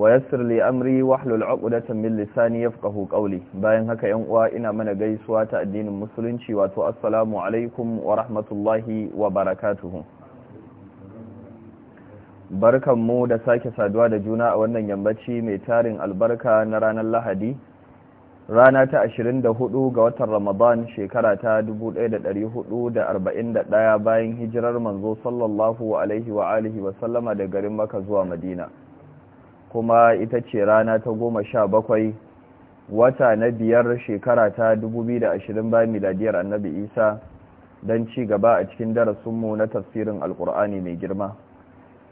wa yassir li amri wahlul 'uqdatan min lisani yafqahu qawli bayan haka yan uwa ina mana gaisuwa ta addinin musulunci wato assalamu alaikum wa rahmatullahi wa barakatuh mu da sake saduwa da juna a wannan yammaci mai tarin albarka na ranar Lahadi rana ta 24 ga watan Ramadan shekara ta 1441 bayan hijirar manzo sallallahu alaihi wa alihi wa sallama da garin Makka zuwa Madina kuma ita ce rana ta goma sha bakwai wata na biyar shekara ta 2020 bayan miladiyar annabi isa don ci gaba a cikin darasinmu na tafsirin alkur'ani mai girma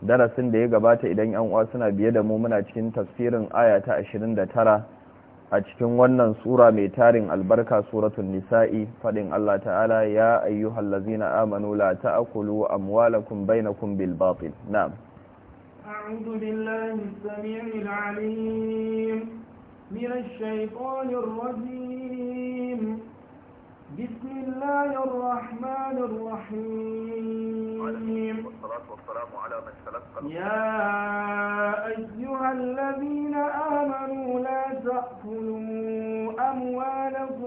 darasin da ya gabata idan yan uwa suna biye da mu muna cikin tafsirin aya ta 29 a cikin wannan sura mai tarin albarka suratun nisa'i fadin Allah ta'ala ya ayyuhallazina amanu la ta'kulu amwalakum bainakum bil batil na'am أعوذ بالله السميع العليم من الشيطان الرجيم بسم الله الرحمن الرحيم والصلاة والسلام على من يا أيها الذين آمنوا لا تأكلوا أموالكم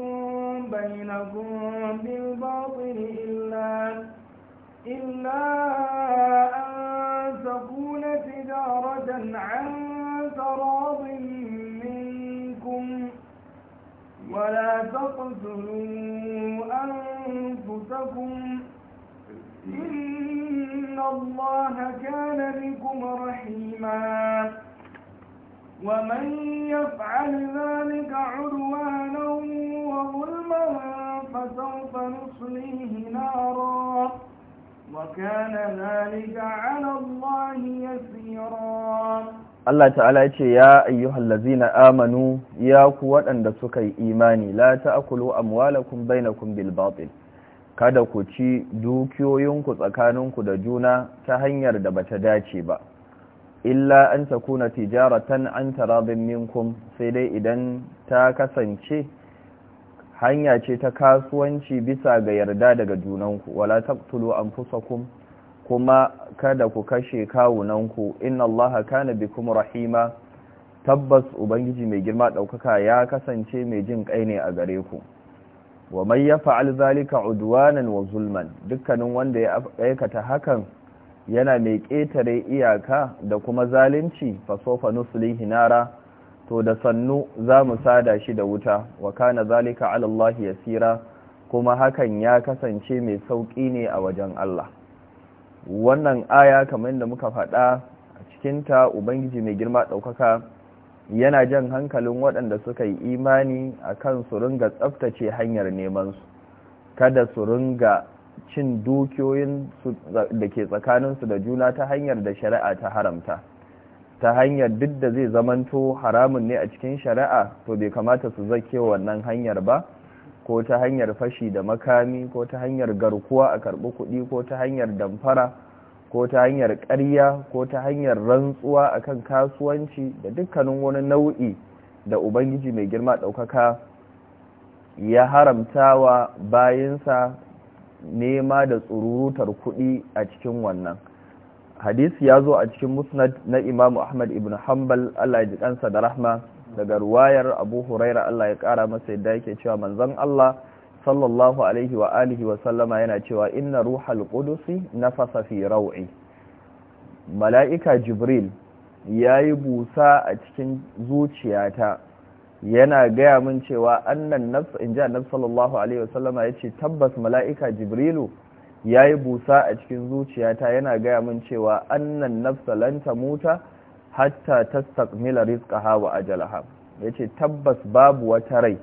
بينكم بالباطل إلا إلا أنفسكم إن الله كان بكم رحيما ومن يفعل ذلك عدوانا وظلما فسوف نصليه نارا وكان ذلك على الله يسيرا Allah ta'ala ce ya ayyuhallazina amanu ya ku waɗanda suka yi imani la ta'kulu amwalakum bainakum bil batil kada ku ci dukiyoyinku tsakaninku da juna ta hanyar da bata dace ba illa an takuna tijaratan an tarabin minkum sai dai idan ta kasance hanya ce ta kasuwanci bisa ga yarda daga junanku wala taqtulu anfusakum kuma kada ku kashe kawunanku inna allaha kana bikum rahima tabbas ubangiji mai girma daukaka ya kasance mai jin kai ne a gare ku wa man yaf'al zalika udwanan wa zulman dukkanin wanda ya aikata hakan yana mai ƙetare iyaka da kuma zalunci fa sofa nuslihi nara to da sannu za mu sada shi da wuta wa kana zalika ala ya yasira kuma hakan ya kasance mai sauƙi ne a wajen Allah wannan aya kamar da muka faɗa a cikinta ubangiji mai girma ɗaukaka yana jan hankalin waɗanda suka yi imani a kan su ringa tsaftace hanyar nemansu kada su ringa cin dukiyoyin da ke tsakaninsu da juna ta hanyar da shari'a ta haramta ta hanyar duk da zai zamanto haramun ne a cikin shari'a to bai kamata su zake wannan hanyar ba ko ta hanyar fashi da makami ko ta hanyar garkuwa a karɓi kuɗi ko ta hanyar damfara ko ta hanyar ƙarya ko ta hanyar rantsuwa akan kasuwanci da dukkanin wani nau'i da ubangiji mai girma ɗaukaka ya haramtawa bayansa nema da tsururutar kuɗi a cikin wannan hadisi ya zo a cikin musnad na imamu ahmad ibn hanbal allah ya ji kansa da rahma daga ruwayar abu huraira Allah ya kara masa yadda yake cewa manzan Allah sallallahu alaihi wa alihi wa sallama yana cewa inna ruhal kudusi na fi rau'i mala'ika jibril ya yi busa a cikin zuciyata yana gaya min cewa annan nafs ji annabi sallallahu alaihi wa sallama ce tabbas mala'ika jibrilu yayi busa a cikin zuciyata yana gaya min cewa annan nafsa lanta mota. hatta tastaqmila rizqaha wa ajalaha yace tabbas babu wata rai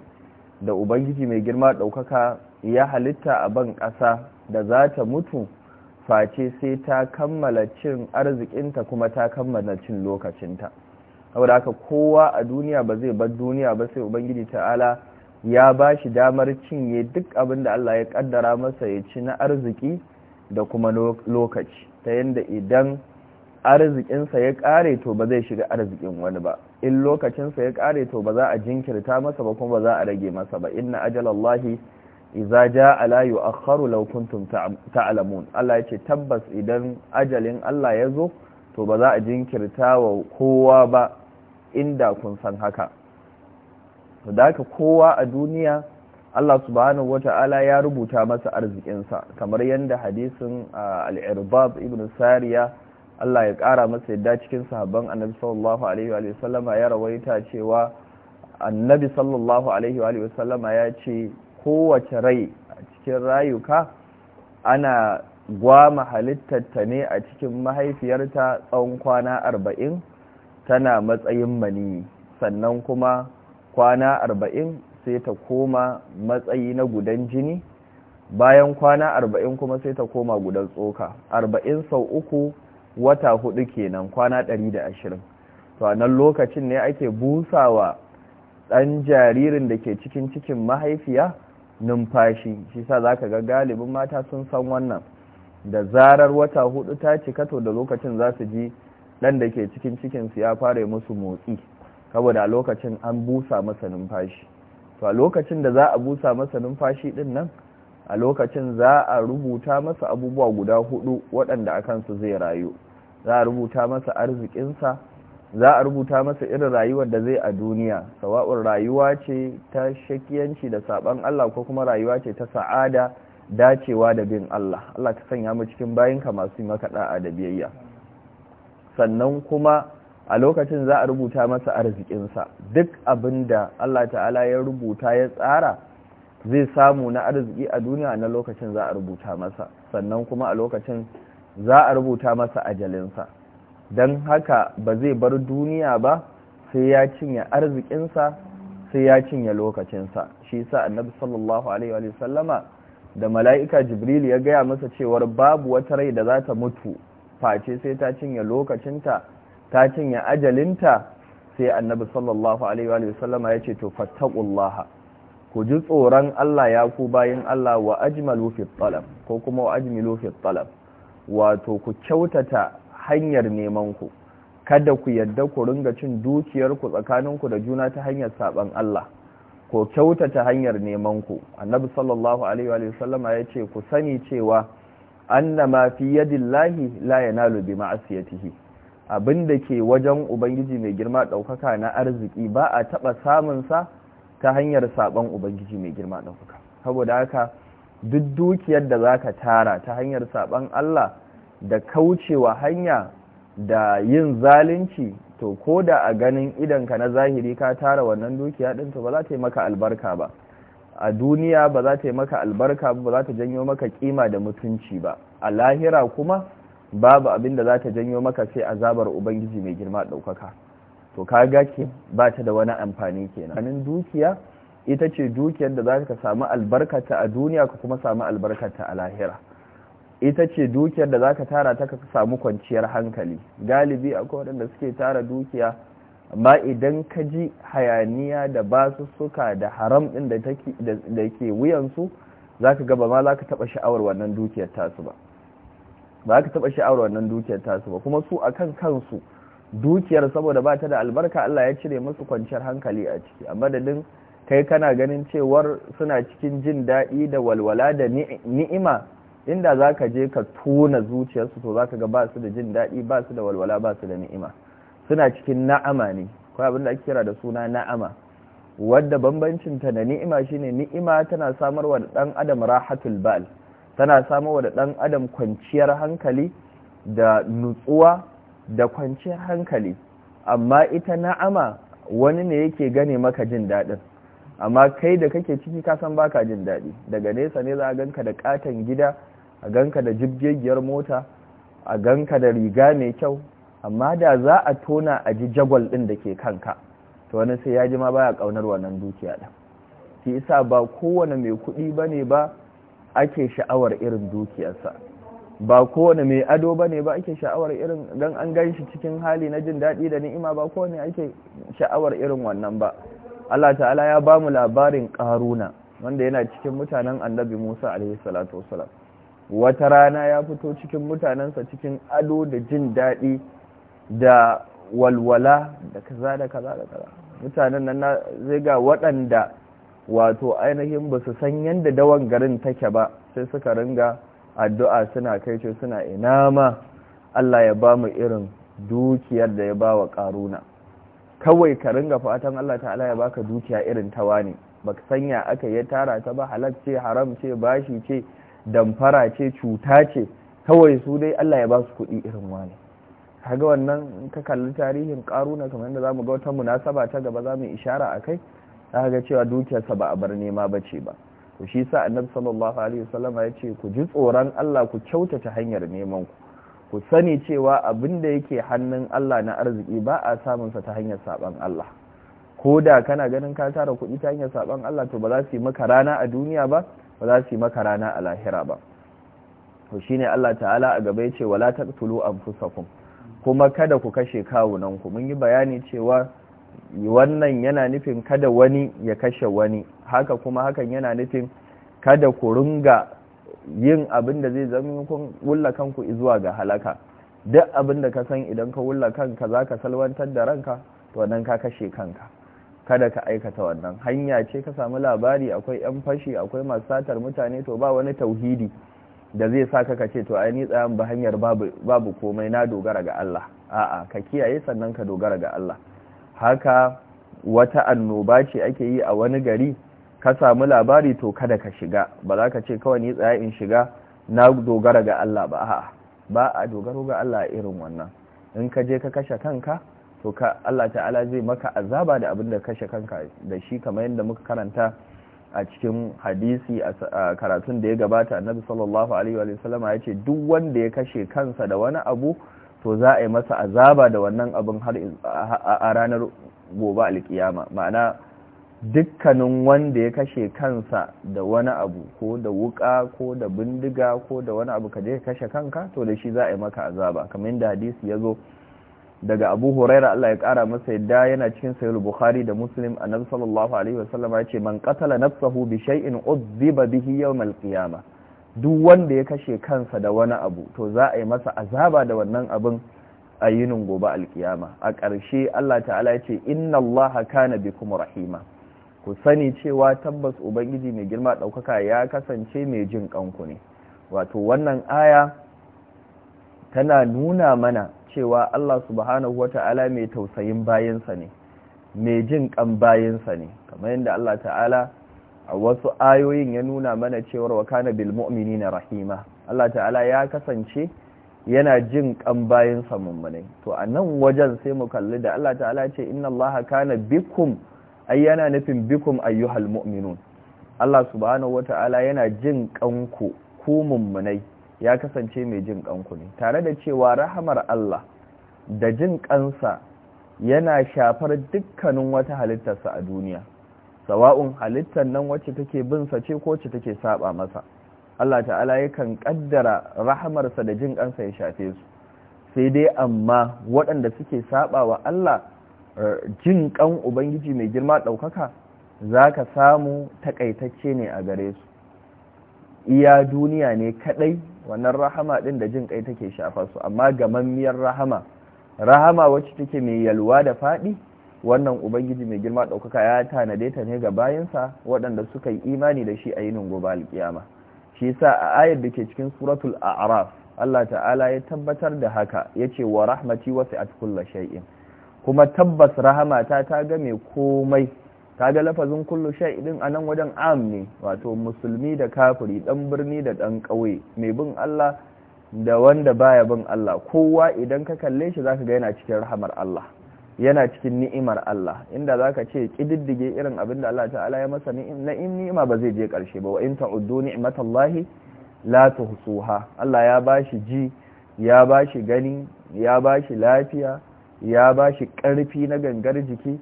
da ubangiji mai girma daukaka ya halitta a ban ƙasa da za ta mutu face sai ta kammala cin arzikinta kuma ta kammala cin lokacinta saboda haka kowa a duniya ba zai bar duniya ba sai ubangiji ta'ala ya ba shi damar cinye duk abin da Allah ya kaddara masa ya ci na arziki da kuma lokaci ta yadda idan arzikinsa ya ƙare to ba zai shiga arzikin wani ba in lokacinsa ya ƙare to ba za a jinkirta masa ba kuma ba za a rage masa ba inna ajalallahi iza ja ala yu'akhkharu law kuntum ta'lamun Allah yace tabbas idan ajalin Allah ya zo to ba za a jinkirta wa kowa ba inda kun san haka to da haka kowa a duniya Allah subhanahu wata'ala ya rubuta masa arzikinsa kamar yadda hadisin ah, al-Irbab ibn Sariya Allah ya ƙara masa yadda cikin sahabban annabi sallallahu alaihi wa sallama ya rawaita cewa annabi sallallahu alaihi wa sallama ya ce kowace rai a cikin rayuka ana gwama halittarta ne a cikin mahaifiyarta tsawon kwana arba'in tana matsayin mani sannan kuma kwana arba'in sai ta koma matsayi na gudan jini bayan kwana arba'in kuma sai ta koma gudan tsoka arba'in sau uku wata hudu kenan kwana 120 to a nan lokacin ne ake busawa ɗan jaririn da ke cikin cikin mahaifiya numfashi shi sa za ka ga galibin mata sun san wannan da zarar wata hudu ta cika to da lokacin za su ji ɗan da ke cikin cikin su ya fara musu motsi saboda lokacin an busa masa numfashi to a lokacin da za a busa masa numfashi din nan a lokacin za a rubuta masa abubuwa guda hudu waɗanda a kansu zai rayu za a rubuta masa arzikinsa za a rubuta masa irin rayuwar da zai a duniya sawa'un rayuwa ce ta shakiyanci da saban Allah ko kuma rayuwa ce ta sa'ada dacewa da bin Allah Allah ta sanya mu cikin ka masu maka da'a da biyayya sannan kuma a lokacin za a rubuta masa arzikinsa duk abinda Allah ta'ala ya rubuta ya tsara zai samu na arziki a duniya na lokacin za a rubuta masa sannan kuma a lokacin za a rubuta masa ajalinsa don haka ba zai bar duniya ba sai ya cinye arzikinsa sai ya cinye lokacinsa shi sa annabi sallallahu alaihi wa sallama da mala'ika jibril ya gaya masa cewar babu wata rai da za ta mutu face sai ta cinye lokacinta ta cinye ajalinta sai annabi sallallahu alaihi wa sallama ya ce to fattaqullaha ku ji tsoron Allah ya ku bayin Allah wa ajmalu fi talab ko kuma wa ajmilu fi talab wato ku kyautata hanyar neman ku kada ku yadda ku ringa cin dukiyarku tsakaninku da juna ta hanyar saban Allah ko kyautata hanyar neman ku annabi sallallahu alaihi wa sallama ce ku sani cewa annama fi yadillahi la yanalu bi ma'asiyatihi abinda ke wajen ubangiji mai girma daukaka na arziki ba a taba samun sa ta hanyar saban ubangiji mai girma daukaka saboda haka duk dukiyar da za ka tara ta hanyar saban Allah da kaucewa hanya da yin zalunci to ko da a ganin idanka na zahiri ka tara wannan dukiya din to ba za ta yi maka albarka ba a duniya ba za ta yi maka albarka ba za ta janyo maka kima da mutunci ba a lahira kuma babu abin da za ta janyo maka sai azabar ubangiji mai girma ɗaukaka to ka ke ba ta da wani amfani kenan dukiya ita ce dukiyar da za ka samu albarkata a duniya ka kuma samu albarkata a lahira ita ce dukiyar da za ka tara ta ka samu kwanciyar hankali galibi akwai waɗanda suke tara dukiya ba idan ka ji hayaniya da suka da haram ɗin da ke wuyansu za ka gaba ma za ka taɓa sha'awar wannan dukiyar tasu ba ba ka taɓa sha'awar wannan dukiyar tasu ba kuma su a kan kansu dukiyar saboda ba ta da albarka Allah ya cire musu kwanciyar hankali a ciki a madadin kai kana ganin cewar suna cikin jin daɗi da walwala da ni'ima inda za ka je ka tona zuciyarsu to za ka ga ba su da jin daɗi ba su da walwala ba su da ni'ima suna cikin na'ama ne ko abin da ake kira da suna na'ama wadda bambancinta da ni'ima shine ni'ima tana samar wa ɗan adam rahatul bal tana samar wa ɗan adam kwanciyar hankali da nutsuwa da kwanciyar hankali amma ita na'ama wani ne yake gane maka jin daɗin amma kai da kake ciki kasan baka jin daɗi daga nesa ne za a ganka da katon gida a ganka da jibgegiyar mota a ganka da riga mai kyau amma da za a tona a ji jagwal ɗin da ke kanka to wani sai ya ji ma baya ƙaunar wannan dukiya ɗin shi isa ba kowane mai kuɗi ba ne ba ake sha'awar irin dukiyarsa ba kowane mai ado ba ne ba ake sha'awar irin don an gan shi cikin hali na jin daɗi da ni'ima ba kowane ake sha'awar irin wannan ba Allah ta'ala ya ba mu labarin ƙaruna wanda yana cikin mutanen annabi Musa alaihi salatu wata rana ya fito cikin mutanensa cikin ado da jin daɗi da walwala da kaza da kaza da kaza mutanen nan zai ga waɗanda wato ainihin ba su san yadda dawan garin take ba sai suka ringa addu'a suna kai ce suna inama Allah ya ba mu irin dukiyar da ya ba wa ƙaruna kawai ka ringa fatan Allah ta'ala ya baka dukiya irin ta wani baka sanya aka ya tara ta ba halal ce haram ce bashi ce damfara ce cuta ce kawai su dai Allah ya ba su kuɗi irin wani kaga wannan ka kalli tarihin karuna kamar yadda zamu ga wata munasaba ta gaba zamu ishara akai zaka ga cewa dukiyarsa ba a bar nema bace ba to shi sa annabi sallallahu alaihi wasallam ya ce ku ji tsoron Allah ku kyautata hanyar neman ku ku sani cewa abin da yake hannun Allah na arziki ba a samunsa ta hanyar saban Allah ko da kana ganin ka tara kuɗi ta hanyar saban Allah to ba za su yi maka rana a duniya ba ba za su yi maka rana a lahira ba to shine Allah ta'ala a gaba yace wala taqtulu anfusakum kuma kada ku kashe kawunan ku mun yi bayani cewa wannan yana nufin kada wani ya kashe wani haka kuma hakan yana nufin kada ku ringa yin abin da zai zama kun wulla kanku zuwa ga halaka duk abin da ka san idan ka wulla kanka za ka salwantar da ranka to nan ka kashe kanka kada ka aikata wannan hanya ce ka samu labari akwai 'yan fashi akwai masu satar mutane to ba wani tauhidi da zai sa ka ce to ai ni tsayan ba hanyar babu komai na dogara ga Allah a'a ka kiyaye sannan ka dogara ga Allah haka wata annoba ce ake yi a wani gari ka samu labari to kada ka shiga ba za ka ce kawai ni tsaye in shiga na dogara ga Allah ba a ba a dogaro ga Allah irin wannan in ka je ka kashe kanka to ka Allah ta'ala zai maka azaba da abin da kashe kanka da shi kamar yadda muka karanta a cikin hadisi a karatun da ya gabata annabi sallallahu alaihi wa sallam ya ce duk wanda ya kashe kansa da wani abu to za a yi masa azaba da wannan abin har a ranar gobe alkiyama ma'ana dukkanin wanda ya kashe kansa da wani abu ko da wuka ko da bindiga ko da wani abu ka je ka kashe kanka to da shi za a yi maka azaba kamar yadda hadisi ya zo daga abu huraira Allah ya kara masa yadda yana cikin sayar bukhari da muslim nan, sallallahu alaihi wasallam ya ce man qatala nafsahu bi shay'in udhiba bihi yawm al duk wanda ya kashe kansa da wani abu to za a yi masa azaba da wannan abin a yinin gobe alkiyama a ƙarshe Allah ta'ala ya ce inna Allah kana bikum rahima ku sani cewa tabbas ubangiji mai girma ɗaukaka ya kasance mai jin ƙanku ne wato wannan aya tana nuna mana cewa Allah subhanahu wata'ala mai tausayin bayansa ne mai jin ƙan bayansa ne kamar yadda Allah ta'ala a wasu ayoyin ya nuna mana cewar wa kana bil na rahima Allah ta'ala ya kasance yana jin ƙan bayansa mummunai to a nan wajen sai mu kalli da Allah ta'ala ce inna Allah kana bikum ai yana nufin bikum ayyuhal mu'minun Allah subhanahu wata'ala yana jin kanku ku mummunai ya kasance mai jin kanku ne tare da cewa rahamar Allah da jin kansa yana shafar dukkanin wata halittarsa a duniya sawa'un halittar nan wacce take bin sa ce ko ce take saba masa Allah ta'ala yakan kaddara rahamarsa da jin kansa ya shafe su sai dai amma waɗanda suke saba wa Allah jin kan ubangiji mai girma ɗaukaka za ka samu takaitacce ne a gare su iya duniya ne kadai wannan rahama din da jin kai take shafa su amma gamammiyar rahama rahama wacce take mai yalwa da faɗi wannan ubangiji mai girma ɗaukaka ya tanade ta ne ga bayansa waɗanda suka yi imani da shi a yinin gobe alkiyama shi yasa a ayar da ke cikin suratul a'raf Allah ta'ala ya tabbatar da haka yace wa rahmati wasi'at kulli shay'in kuma tabbas rahamata ta ga mai komai ta ga lafazin kullu a anan wajen am wato musulmi da kafiri dan birni da dan kauye mai bin Allah da wanda baya bin Allah kowa idan ka kalle shi zaka ga yana cikin rahamar Allah yana cikin ni'imar Allah inda zaka ce kididdige irin abin da Allah ta'ala ya masa na in ni'ima ba zai je karshe ba wa in ta'uddu ni'matallahi la tuhsuha Allah ya bashi ji ya bashi gani ya bashi lafiya ya ba shi ƙarfi na gangar jiki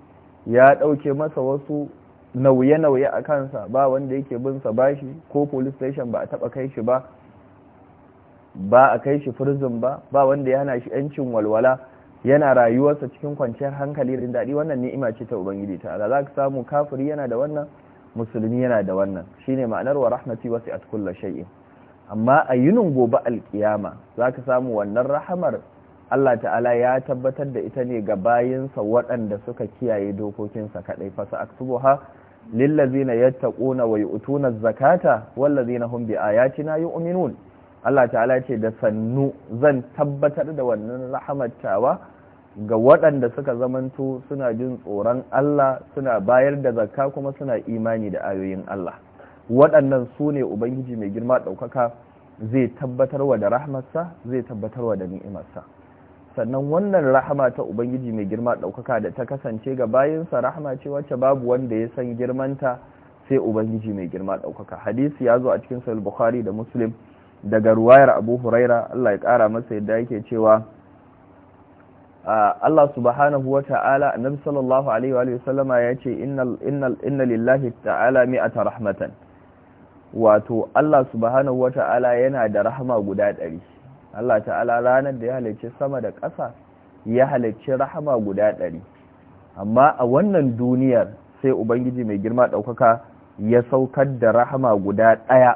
ya ɗauke masa wasu nauye-nauye a kansa ba wanda yake binsa bashi ko police station ba a taɓa kai shi ba ba a kai shi firzin ba ba wanda ya hana shi yancin walwala yana rayuwarsa cikin kwanciyar hankali da daɗi wannan ni'ima ce ta ubangiji ta ala za ka samu kafiri yana da wannan musulmi yana da wannan shine ma'anar wa rahmati wasi'at kullu shay'in amma a gobe alkiyama za ka samu wannan rahamar Allah ta'ala ya tabbatar da ita ne ga bayinsa waɗanda suka kiyaye dokokinsa kaɗai fasa aksubuha yadda ƙuna wa utuna zakata ya ci na yi uminun Allah ta'ala ce da sannu zan tabbatar da wannan rahmatawa ga waɗanda suka zamanto suna jin tsoron Allah suna bayar da zakka kuma suna imani da ayoyin Allah waɗannan su ne ubangiji mai girma ɗaukaka zai tabbatarwa da rahmarsa zai tabbatarwa da ni'imarsa sannan wannan rahama ta ubangiji mai girma ɗaukaka da ta kasance ga bayansa rahama ce wacce babu wanda ya san girmanta sai ubangiji mai girma ɗaukaka hadisi ya zo a cikin sahih bukhari da muslim daga ruwayar abu huraira allah ya ƙara masa yadda yake cewa Allah subhanahu wa ta'ala annabi sallallahu alaihi wa sallama ya ce inna lillahi ta'ala mi'ata rahmatan wato Allah subhanahu wa ta'ala yana da rahama guda ɗari Allah ta'ala ranar da ya halicci sama da ƙasa ya halarci rahama guda ɗari amma a wannan duniyar sai ubangiji mai girma ɗaukaka ya saukar da rahama guda ɗaya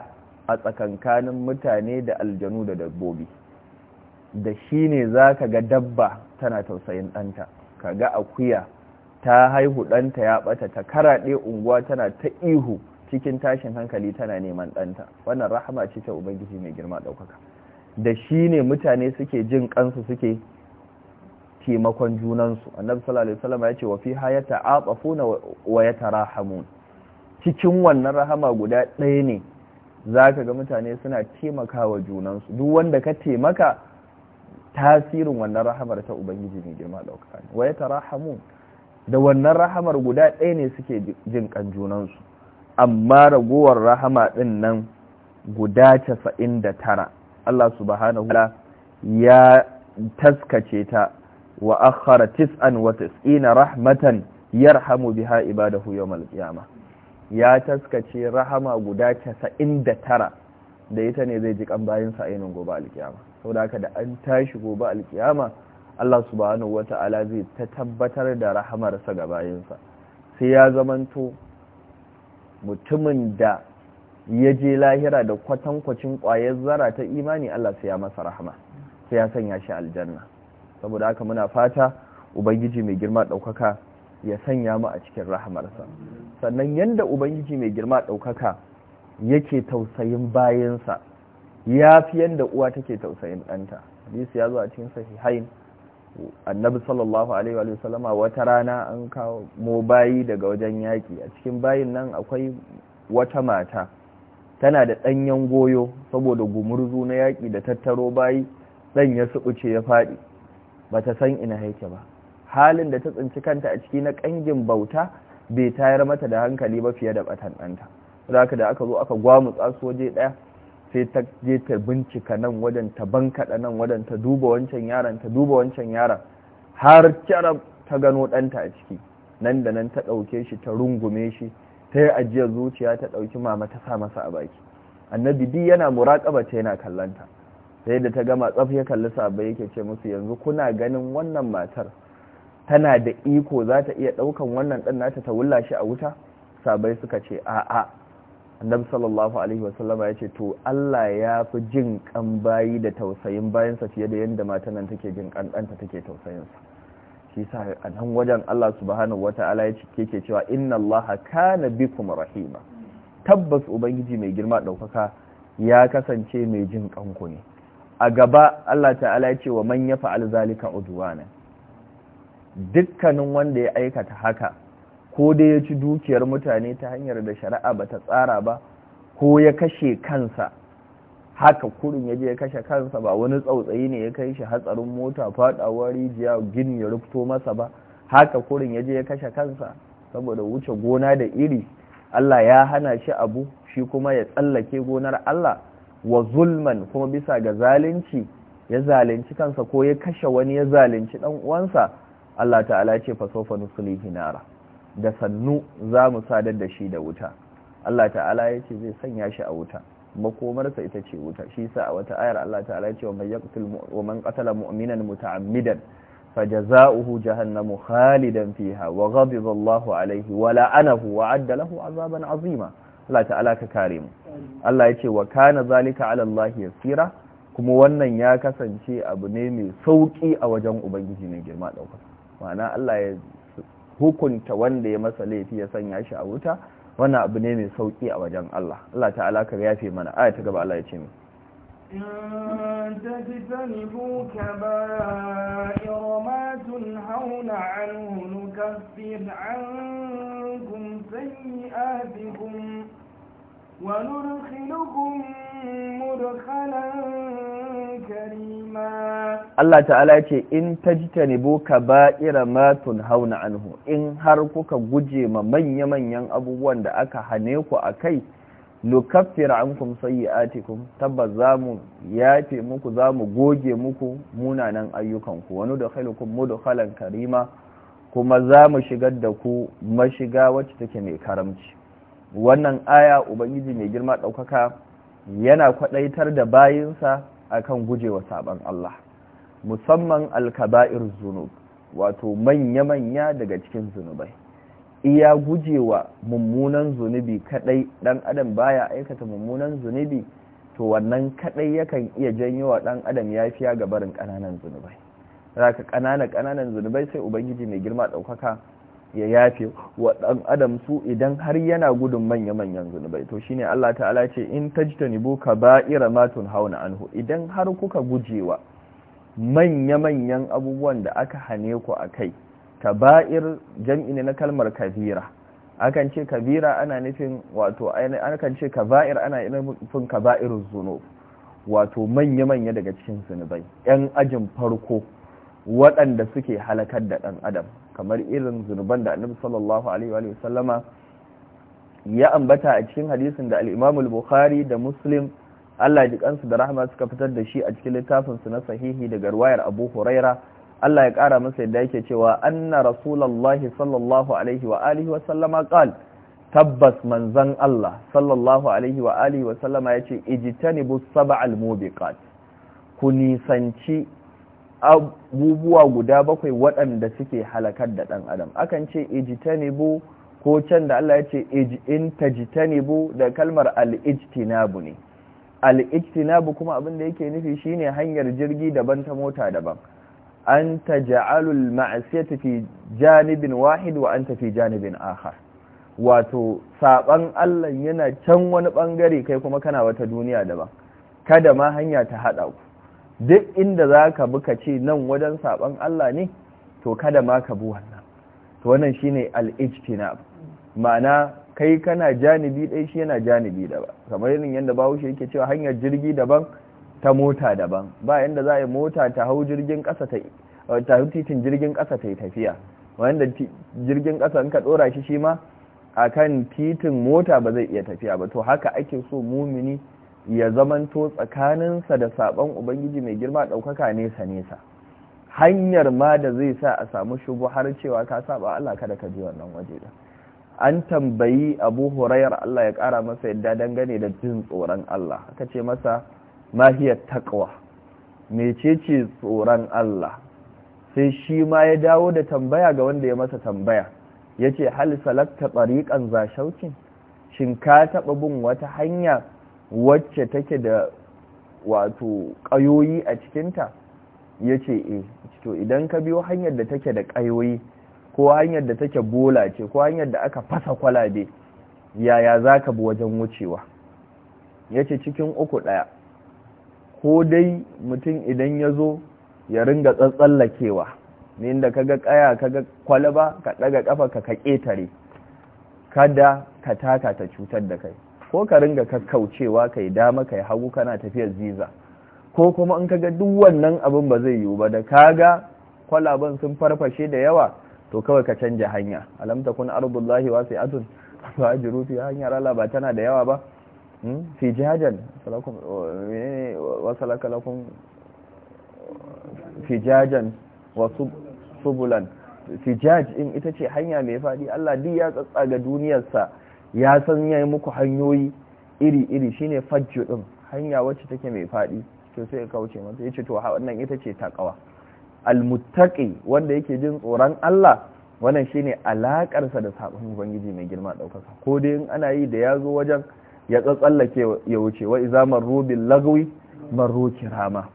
a tsakankanin mutane da aljanu da dabbobi da shi ne za ka ga dabba tana tausayin ɗanta ka ga akuya ta haihu ɗanta ya ɓata ta karaɗe unguwa tana ta ihu cikin tashin hankali tana neman ɗanta wannan rahama ce ta ubangiji mai girma ɗaukaka da shi ne mutane suke jin kansu suke taimakon junansu annabi sallallahu alaihi wasallam ya ce wa fi hayata aqafuna wa yatarahamun cikin wannan rahama guda ɗaya ne zaka ga mutane suna taimakawa junansu duk wanda ka taimaka tasirin wannan rahamar ta ubangiji ne girma dauka ne wa yatarahamun da wannan rahamar guda ɗaya ne suke jin kan junansu amma ragowar rahama din nan guda 99 Allah subhanahu wa ya taskace ta wa akhara tis'an wa tis'ina rahmatan yarhamu biha ibadahu yawmal qiyamah ya taskace rahama guda 99 da ita ne zai ji kan bayin sa ainin gobe alkiyama saboda haka da an tashi gobe alkiyama Allah subhanahu ta'ala zai ta tabbatar da sa ga sa sai ya zamanto mutumin da ya je lahira da kwatankwacin ƙwayar zara ta imani Allah sai ya masa rahama sai ya sanya shi aljanna saboda haka muna fata ubangiji mai girma daukaka ya sanya mu a cikin rahamarsa sannan yadda ubangiji mai girma ɗaukaka yake tausayin bayansa ya fi yanda uwa take tausayin ɗanta hadisi ya zo a cikin sahihain annabi sallallahu alaihi wa sallama wata rana an kawo bayi daga wajen yaƙi a cikin bayin nan akwai wata mata tana da ɗanyen goyo saboda gumurzu na yaƙi da tattaro bayi ɗan ya suɓuce ya faɗi ba ta san ina haike ba halin da ta tsinci kanta a ciki na ƙangin bauta bai tayar mata da hankali ba fiye da batan ɗanta zaka da aka zo aka gwamutsa su waje ɗaya sai ta je ta bincika nan wajen ta bankaɗa nan wajen ta duba wancan yaran ta duba wancan yaron har carab ta gano ɗanta a ciki nan da nan ta ɗauke shi ta rungume shi ta yi ajiyar zuciya ta ɗauki mama ta sa masa a baki annabi di yana muraƙaba ta yana kallanta sai da ta gama tsaf ya kalli sabai yake ce musu yanzu kuna ganin wannan matar tana da iko za ta iya ɗaukan wannan ɗan nata ta wulla shi a wuta sabai suka ce a'a annabi sallallahu alaihi wasallama ya ce to Allah ya fi jin kan bayi da tausayin bayansa fiye da yadda matan nan take jin kan ɗanta take tausayinsa shi sa a nan wajen Allah subhanahu wata'ala ya cike ke cewa inna Allah kana kuma rahima tabbas ubangiji mai girma ɗaukaka ya kasance mai jin ƙanku ne a gaba Allah ta'ala ya ce wa man ya fa'al zalika udwana dukkanin wanda ya aikata haka ko dai ya ci dukiyar mutane ta hanyar da shari'a ba ta tsara ba ko ya kashe kansa haka kurin ya je ya kashe kansa ba wani tsautsayi ne ya kai shi hatsarin mota fadawa rijiya gini ya rufto masa ba haka kurin ya je ya kashe kansa saboda wuce gona da iri Allah ya hana shi abu shi kuma ya tsallake gonar Allah wa zulman kuma bisa ga zalunci ya zalunci kansa ko ya kashe wani ya zalunci dan uwansa Allah ta'ala ce fa sofa nusulihi nara da sannu za mu sadar da shi da wuta Allah ta'ala ya ce zai sanya shi a wuta makomarsa ita ce wuta shi sa a wata ayar Allah ta'ala ya ce wa oman yaqtul qatala mu'minan muta'ammidan fajaza'uhu jahannamu khalidan fiha wa ghadiba Allahu alayhi wa la'anahu wa 'adda lahu 'azaban 'azima Allah ta'ala ka kare mu Allah ya ce wa kana zalika 'ala Allah yasira kuma wannan ya kasance abu ne mai sauki a wajen ubangiji ne girma dauka ma'ana Allah ya hukunta wanda ya masa laifi ya sanya shi a wuta wannan abu ne mai sauki a wajen Allah Allah ta'ala ka yafe mana aya ta gaba Allah ya ce mu in tajtanibu kaba'ir ma tunhauna anhu nukaffir ankum sayyi'atikum wa nudkhilukum Allah ta'ala ce in ta ka ba'ira ma na anhu in har kuka guje ma manya-manyan abubuwan da aka hane ku akai nukaffir ankum sayyi'atikum tabbas mu yafe muku zamu goge muku munanan ayyukanku wani da dakhilukum mudkhalan karima kuma zamu shigar da ku mashiga wacce take mai karamci wannan aya ubangiji mai girma daukaka yana kwadaitar da bayinsa akan gujewa saban Allah musamman alkaba'ir zunub wato manya-manya daga cikin zunubai iya gujewa mummunan zunubi kadai dan adam baya aikata mummunan zunubi to wannan kadai yakan iya janyo wa dan adam yafiya ga barin kananan zunubai zaka kanana kananan zunubai sai ubangiji mai girma daukaka ya yafe wa dan adam su idan har yana gudun manya-manyan zunubai to shine Allah ta'ala ce in tajtanibu kaba'ira matun na anhu idan har kuka gujewa manya-manyan abubuwan da aka hane ku a kai kaba'ir jam'i ne na kalmar kabira akan ce kabira ana nufin wato akan ce kaba'ir ana nufin ba'ir zunub wato manya-manya daga cikin zunubai yan ajin farko waɗanda suke halakar da ɗan adam kamar irin zunuban da annabi sallallahu alaihi wa sallama ya ambata a cikin hadisin da al-imamul bukhari da muslim Allah ji kansu da rahama suka fitar da shi a cikin littafin su na sahihi daga ruwayar Abu Huraira Allah ya kara masa yadda yake cewa anna rasulullahi sallallahu alaihi wa alihi wa sallama qal tabbas manzan Allah sallallahu alaihi wa alihi wa sallama yace ijtanibu sab'al mubiqat ku nisanci abubuwa guda bakwai waɗanda suke halakar da ɗan adam akan ce ijtanibu ko can da Allah yace ce in tajtanibu da kalmar al-ijtinabu ne al'ijtinabu kuma abin da yake nufi shine hanyar jirgi daban ta mota daban an taj'alul ma'siyata fi janibin wahid wa anta fi janibin akhar wato saban Allah yana can wani ɓangare kai kuma kana wata duniya daban kada ma hanya ta hada ku duk inda zaka buka ce nan wajen saban Allah ne to kada ma ka bu wannan to wannan shine al-ijtinab ma'ana kai kana janibi ɗaya shi yana janibi daban kamar yin yadda bahaushe yake cewa hanyar jirgi daban ta mota daban ba yadda za a yi mota ta hau jirgin ƙasa ta ta titin jirgin ƙasa ta yi tafiya wanda jirgin ƙasa in ka ɗora shi shi ma a kan titin mota ba zai iya tafiya ba to haka ake so mumini ya zamanto tsakaninsa da saɓon ubangiji mai girma ɗaukaka nesa nesa hanyar ma da zai sa a samu shubu har cewa ka saba Allah kada ka ji wannan waje da an tambayi abu hurayar Allah ya ƙara masa yadda dangane da jin tsoron Allah aka ce masa mahiyar takwa mecece tsoron Allah sai shi ma ya dawo da tambaya ga wanda ya masa tambaya ya ce hal salakta tsariƙan zashaukin shin ka taɓa bin wata hanya wacce take da wato ƙayoyi a cikinta ya ce e to idan ka biyo hanyar da take da ƙayoyi ko hanyar da take bola ce ko hanyar da aka fasa kwalabe yaya za ka bi wajen wucewa ya ce cikin uku ɗaya ko dai mutum idan ya zo ya ringa tsatsallakewa ne inda ka ga ƙaya ka ga kwalaba ka ɗaga ƙafa ka ka ƙetare kada ka taka ta cutar da kai ko ka ringa kakkaucewa ka yi dama ka yi hagu kana tafiyar ziza ko kuma in ka ga duk wannan abin ba zai yiwu ba da ka ga kwalaban sun farfashe da yawa to kawai ka canja hanya alam takun ardullahi ba a jiru fi hanyar ala ba tana da yawa ba hmm? fi jihajan oh, fi wasu subulan fi in ita ce hanya mai faɗi? Allah duk ya tsatsa ga duniyarsa ya san yayi muku hanyoyi iri-iri shine fajjo din hanya wacce take mai fadi to sai ka kauce mata ce to wannan ita ce ta takawa almuttaqi wanda yake jin tsoron Allah wannan shine alakarsa da sabon ubangiji mai girma daukaka ko dai in ana yi da yazo wajen ya tsatsallake ya wuce wa iza marru bil lagwi marru kirama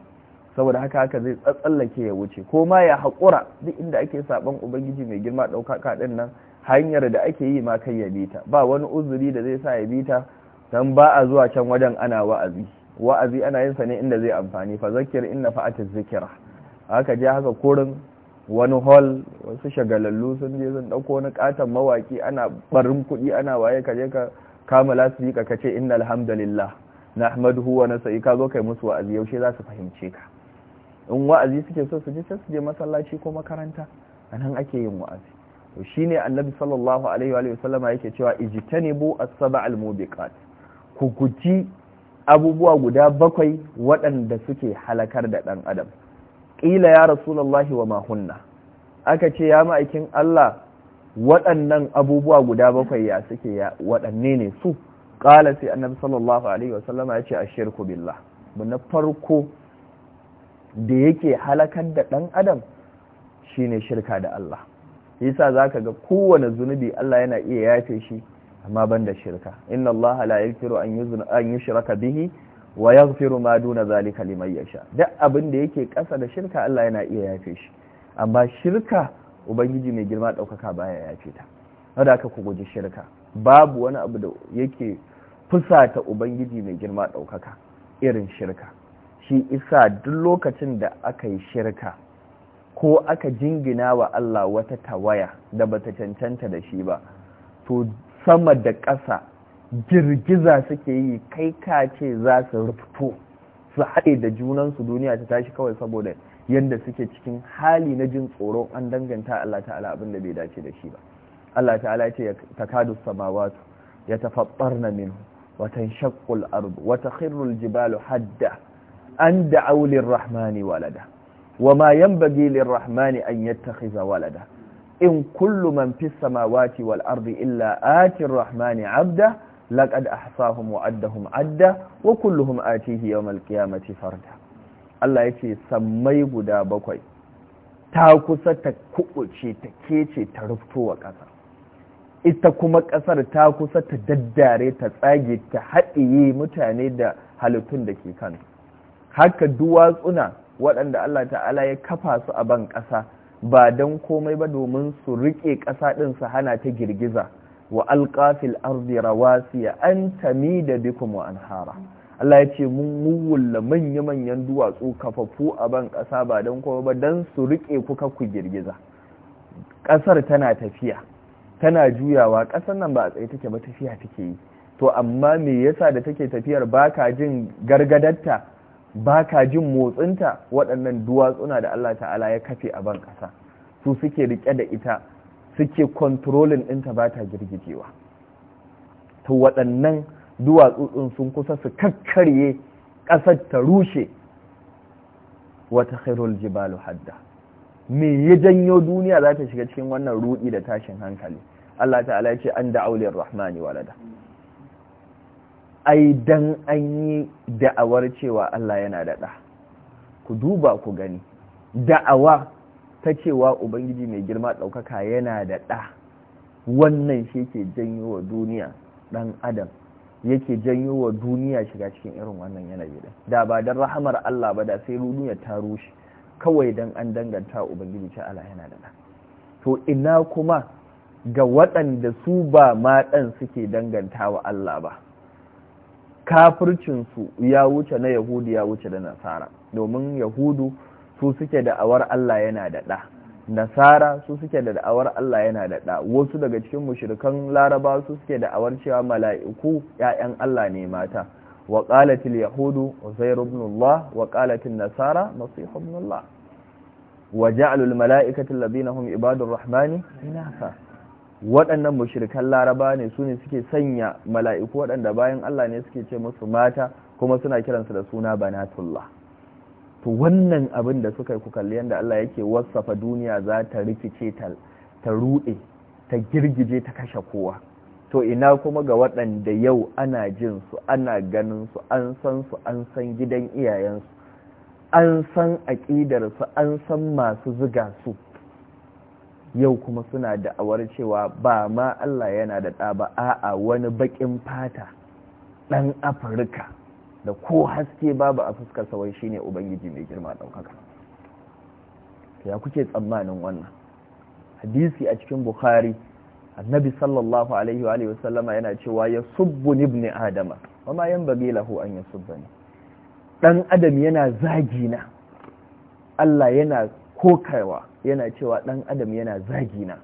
saboda haka haka zai tsatsallake ya wuce ko ma ya haƙura duk inda ake sabon ubangiji mai girma ɗaukaka ɗin nan hanyar da ake yi ma kai ya bita ba wani uzuri da zai sa ya bita don ba a zuwa can wajen ana wa'azi wa'azi ana yin sa ne inda zai amfani fa zakir inna fa'atiz zikira aka je haka kurin wani hall wasu shagalallu sun je sun dauko wani katon mawaki ana barin kuɗi ana waye ka je ka kama lasifika ka ce na ahmadu huwa na sa'i ka zo kai musu wa'azi yaushe za su fahimce ka in wa'azi suke so su je sai su je masallaci ko makaranta a nan ake yin wa'azi to shine annabi sallallahu alaihi wa sallama yake cewa ijtanibu as-sab'al mubiqat ku guji abubuwa guda bakwai waɗanda suke halakar da ɗan adam ƙila ya rasulallahi wa mahunna aka ce ya ma'aikin Allah waɗannan abubuwa guda bakwai ya suke waɗanne ne su ƙala sai annabi sallallahu alaihi wasallama ya ce a shirku billah na farko da yake halakar da ɗan adam shine shirka da Allah yasa zaka ga kowane zunubi Allah yana iya yafe shi amma banda shirka inna Allah la yaghfiru an yushraka bihi wa yaghfiru ma duna zalika liman yasha duk abin da yake kasa da shirka Allah yana iya yafe shi amma shirka ubangiji mai girma ɗaukaka baya yafe ta wanda aka ku guji shirka babu wani abu da yake fusata ubangiji mai girma ɗaukaka irin shirka shi isa duk lokacin da aka yi shirka ko aka jingina wa Allah wata tawaya da bata cancanta da shi ba to sama da ƙasa girgiza suke yi kai ka ce za su rufto su haɗe da junansu duniya ta tashi kawai saboda yadda suke cikin hali na jin tsoro an danganta Allah ta'ala abin da bai dace da shi ba Allah ta'ala ce kadu samawatu ya na minhu watan shakul ardu wata takhirrul jibalu hadda an aulin rahmani walada وما Rahmani an أن walada in إن كل من samawati wal والأرض illa آتي Rahmani Abda. laqad ahsahum wa addahum adda wa kulluhum atihi yawmal qiyamati farda Allah yace sammai guda bakwai ta kusa ta kuɓuce ta kece ta ruftowa ƙasa ita kuma ƙasar ta kusa ta daddare ta tsage ta haɗiye mutane da halittun da ke kan haka duwatsuna waɗanda Allah ta'ala ya kafa su a ban ƙasa ba don komai ba domin su riƙe ƙasa ɗin su hana ta girgiza wa alqafil ardi rawasiya an tamida bikum wa anhara Allah ya ce mun muwulla manya-manyan duwatsu kafafu a ban ƙasa ba don kuma ba don su riƙe kuka ku girgiza ƙasar tana tafiya tana juyawa ƙasar nan ba a tsaye take ba tafiya take yi to amma me yasa da take tafiyar baka jin gargadatta baka jin motsinta waɗannan duwatsuna da Allah ta'ala ya kafe a ban ƙasa su suke rike da ita suke kontrolin ɗinta ba ta girgijewa ta waɗannan duwatsu sun kusa su kakkarye ƙasar ta rushe wata khairul jibalu hadda me ya janyo duniya za ta shiga cikin wannan ruɗi da tashin hankali Allah ta'ala ya ce an da auliyar rahmani walada ai dan an yi da'awar cewa Allah yana da ku duba ku gani da'awa ta cewa ubangiji mai girma ɗaukaka yana da ɗa wannan shi ke janyo wa duniya ɗan adam yake janyo wa duniya shiga cikin irin wannan yanayi da da ba don rahamar Allah ba da sai duniya ta rushe kawai don an danganta ubangiji ta Allah yana da ɗa to ina kuma ga waɗanda su ba ma ɗan suke danganta wa Allah ba kafircinsu ya wuce na yahudu ya wuce da nasara domin yahudu su suke da Allah yana ɗa nasara su suke da da'awar Allah yana da ɗa wasu daga cikin mushrikan laraba su suke da'awar cewa mala'iku ‘ya'yan Allah ne mata wa ƙalatil yahudu uzair ibnullah wa ƙalatil nasara masihu ibnullah wa ja'alul mala'ikatil ladina hum ibadur rahmani inasa waɗannan mushrikan laraba ne su ne suke sanya mala'iku waɗanda bayan Allah ne suke ce musu mata kuma suna kiransu da suna banatullah to wannan abin da suka yi ku kalli yadda Allah yake wasafa duniya za ta rikice ta ta ruɗe ta girgije ta kashe kowa to ina kuma ga waɗanda yau ana jin su ana ganin su an san su an san gidan iyayensu an san aƙidar su an san masu ziga su yau kuma suna da'awar cewa ba ma Allah yana da ɗa ba a'a wani baƙin fata ɗan afirka da ko haske babu a fuskar sawai shine ubangiji mai girma daukaka ya kuke tsammanin wannan hadisi a cikin bukhari annabi sallallahu alaihi wa wasallama yana cewa ya subbu ibn adama wama yanbaghi lahu an yasubbani dan adam yana zagina Allah yana kokawa yana cewa dan adam yana zagina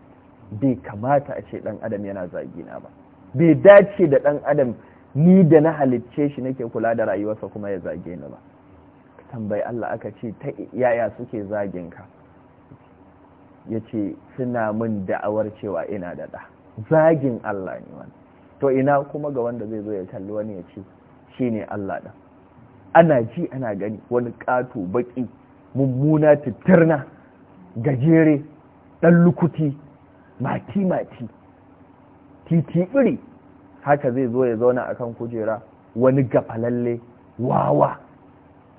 bai kamata a ce dan adam yana zagina ba bai dace da dan adam ni da na halicce shi nake kula da rayuwarsa kuma ya zage ni ba tambayi Allah aka ce ta yaya suke zagin ka ya ce suna min da'awar cewa ina da ɗa zagin Allah ne wani to ina kuma ga wanda zai zo ya kalli wani ya ce shi ne Allah ɗan ana ji ana gani wani ƙato baƙi mummuna tattarna gajere ɗan lukuti mati-mati titi iri haka zai zo ya zauna akan kujera wani gafalalle wawa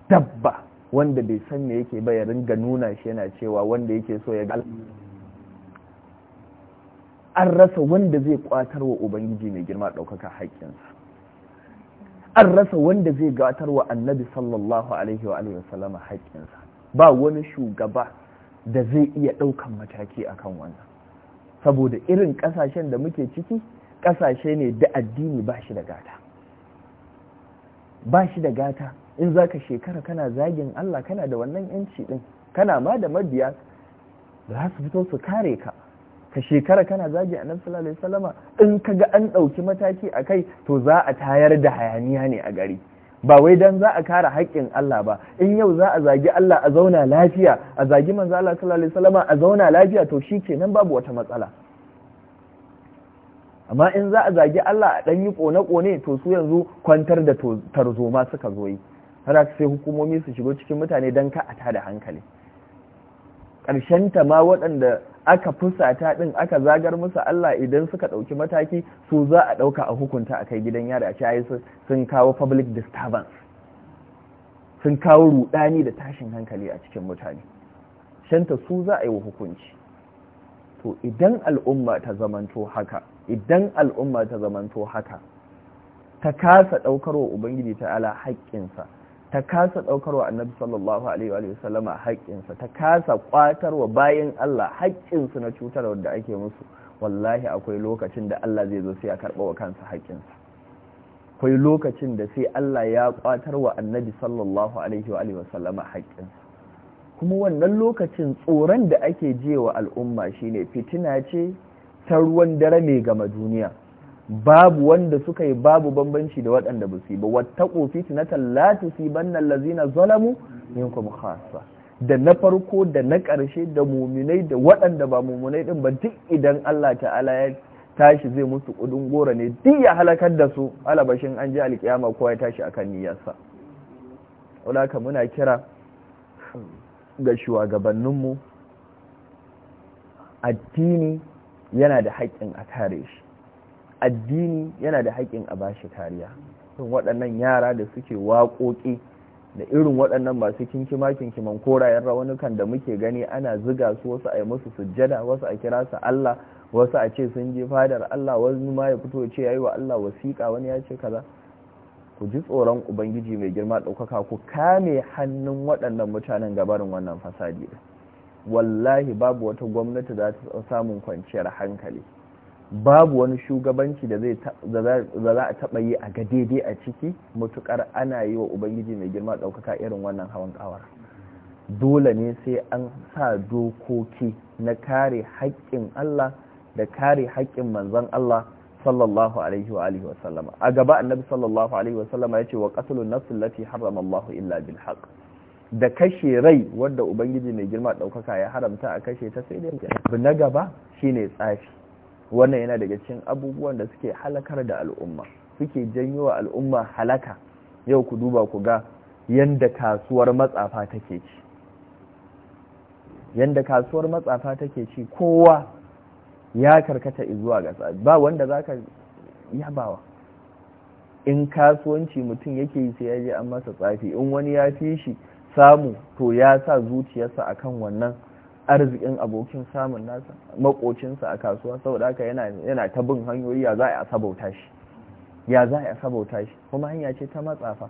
dabba wanda bai san me yake ba ya ringa nuna shi yana cewa wanda yake so ya gal an rasa wanda zai kwatar wa ubangiji mai girma ɗaukaka haƙƙinsa an rasa wanda zai gatar wa annabi sallallahu alaihi wa alihi wasallama haƙƙinsa ba wani shugaba da zai iya ɗaukan mataki akan wannan saboda irin ƙasashen da muke ciki ƙasashe ne da addini ba shi da gata ba shi da gata in za ka shekara kana zagin Allah kana da wannan yanci ɗin kana ma da mabiya za su fito su kare ka ka shekara kana zagin a sallallahu alaihi salama in ka ga an ɗauki mataki a kai to za a tayar da hayaniya ne a gari ba wai dan za a kare haƙƙin Allah ba in yau za a zagi Allah a zauna lafiya a zagi manzo Allah sallallahu alaihi a zauna lafiya to shi kenan babu wata matsala amma in za a zagi Allah a ɗanyi yi ƙone-ƙone to su yanzu kwantar da tarzoma suka zo yi har sai hukumomi su shigo cikin mutane don ka da tada hankali ta ma waɗanda aka fusata ɗin aka zagar musu Allah idan suka ɗauki mataki su za a ɗauka a hukunta a kai gidan yari a shayi sun kawo public disturbance sun kawo ruɗani da tashin hankali a cikin mutane shanta su za a yi wa hukunci to idan al'umma ta zamanto haka idan al'umma ta zamanto haka ta kasa ɗaukarwa ubangiji ta'ala haƙƙinsa ta kasa ɗaukarwa annabi sallallahu alaihi wa sallama haƙƙinsa ta kasa ƙwatarwa bayan Allah haƙƙinsu na cutar da ake musu wallahi akwai lokacin da Allah zai zo sai ya karɓa wa kansa haƙƙinsa akwai lokacin da sai Allah ya ƙwatarwa annabi sallallahu alaihi wa sallama haƙƙinsa kuma wannan lokacin tsoron da ake jewa al'umma shine fitina ce ta ruwan dare mai gama duniya babu wanda suka yi babu bambanci da waɗanda ba su yi ba wattaqu fitnatan la tusibanna allazina zalamu kuma da na farko da na ƙarshe da muminai da waɗanda ba muminai ɗin ba duk idan Allah ta'ala ya tashi zai musu kudin gora ne duk ya halakar da su alabashin an ji alƙiyama kowa ya tashi akan niyyarsa wadaka muna kira ga shugabanninmu addini yana da haƙƙin a kare shi addini yana da haƙƙin a bashi kariya sun waɗannan yara da suke waƙoƙi da irin waɗannan masu kinkima kinkiman korayen rawanukan da muke gani ana ziga su wasu a yi musu sujjada wasu a kira su Allah wasu a ce sun je fadar Allah wani ma ya fito ce yayi wa Allah wasiƙa wani ya ce kaza ku ji tsoron ubangiji mai girma ɗaukaka ku kame hannun waɗannan mutanen gabarin wannan fasadi ɗin wallahi babu wata gwamnati za ta samun kwanciyar hankali babu wani shugabanci da za a taɓa yi a ga daidai a ciki mutukar ana yi wa ubangiji mai girma ɗaukaka irin wannan hawan ƙawar dole ne sai an sa dokoki na kare haƙƙin Allah da kare haƙƙin manzon Allah sallallahu alaihi wa alihi wa sallama a gaba annabi sallallahu alaihi wa sallama yace wa qatlun nafsin lati harrama Allah illa bil haqq da kashe rai wadda ubangiji mai girma ɗaukaka ya haramta a kashe ta sai dai abu na gaba shine tsafi wannan yana daga cikin abubuwan da suke halakar da al'umma suke janyo wa al'umma halaka yau ku duba ku ga yanda kasuwar matsafa take ci yanda kasuwar matsafa take ci kowa ya karkata zuwa ga tsafi ba wanda zaka yabawa in kasuwanci mutum yake yi sai ya je an masa tsafi in wani ya fi shi samu to ya sa zuciyarsa a kan wannan arzikin abokin samun nasa makocinsa a kasuwa saboda haka yana ta bin hanyoyi ya za a sabauta shi ya za a sabauta shi kuma hanya ce ta matsafa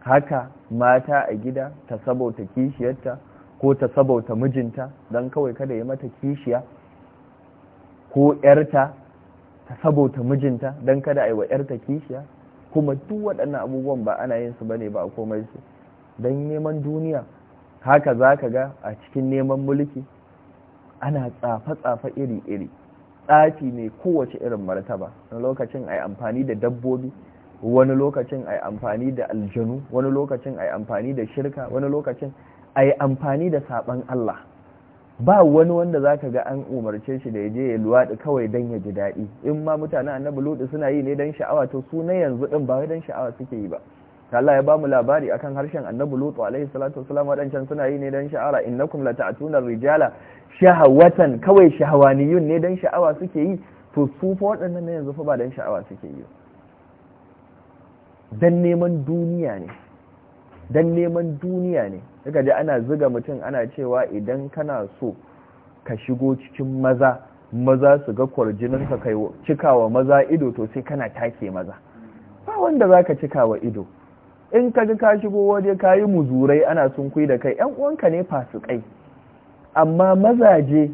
haka mata a gida ta sabauta kishiyarta ko ta sabauta mijinta don kawai kada ya mata kishiya ko yarta ta sabauta mijinta don kada a yi wa yarta kishiya kuma duk waɗannan abubuwan ba ana yin su bane ba a komai su don neman duniya haka za ka ga a cikin neman mulki ana tsafa-tsafa iri-iri tsafi ne kowace irin martaba wani lokacin a amfani da dabbobi wani lokacin a amfani da aljanu wani lokacin a amfani da shirka wani lokacin a amfani da saban Allah ba wani wanda za ka ga an umarce shi da ya je ya luwaɗi kawai don ya ji daɗi in ma mutane annabi luɗi suna yi ne don sha'awa to su na yanzu ɗin ba wai don sha'awa suke yi ba Allah ya ba mu labari akan harshen annabi lutu alaihi salatu wasalam wadancan suna yi ne dan sha'ara innakum lata'tuna rijala shahawatan kawai shahawaniyun ne dan sha'awa suke yi to su fa wadannan ne yanzu fa ba dan sha'awa suke yi dan neman duniya ne dan neman duniya ne daga ana zuga mutum ana cewa idan kana so ka shigo cikin maza maza su ga ka kai cikawa maza ido to sai kana take maza ba wanda zaka cikawa ido in ka ji ka shigo waje ka yi muzurai ana kui da kai ‘yan uwanka ne fasikai amma mazaje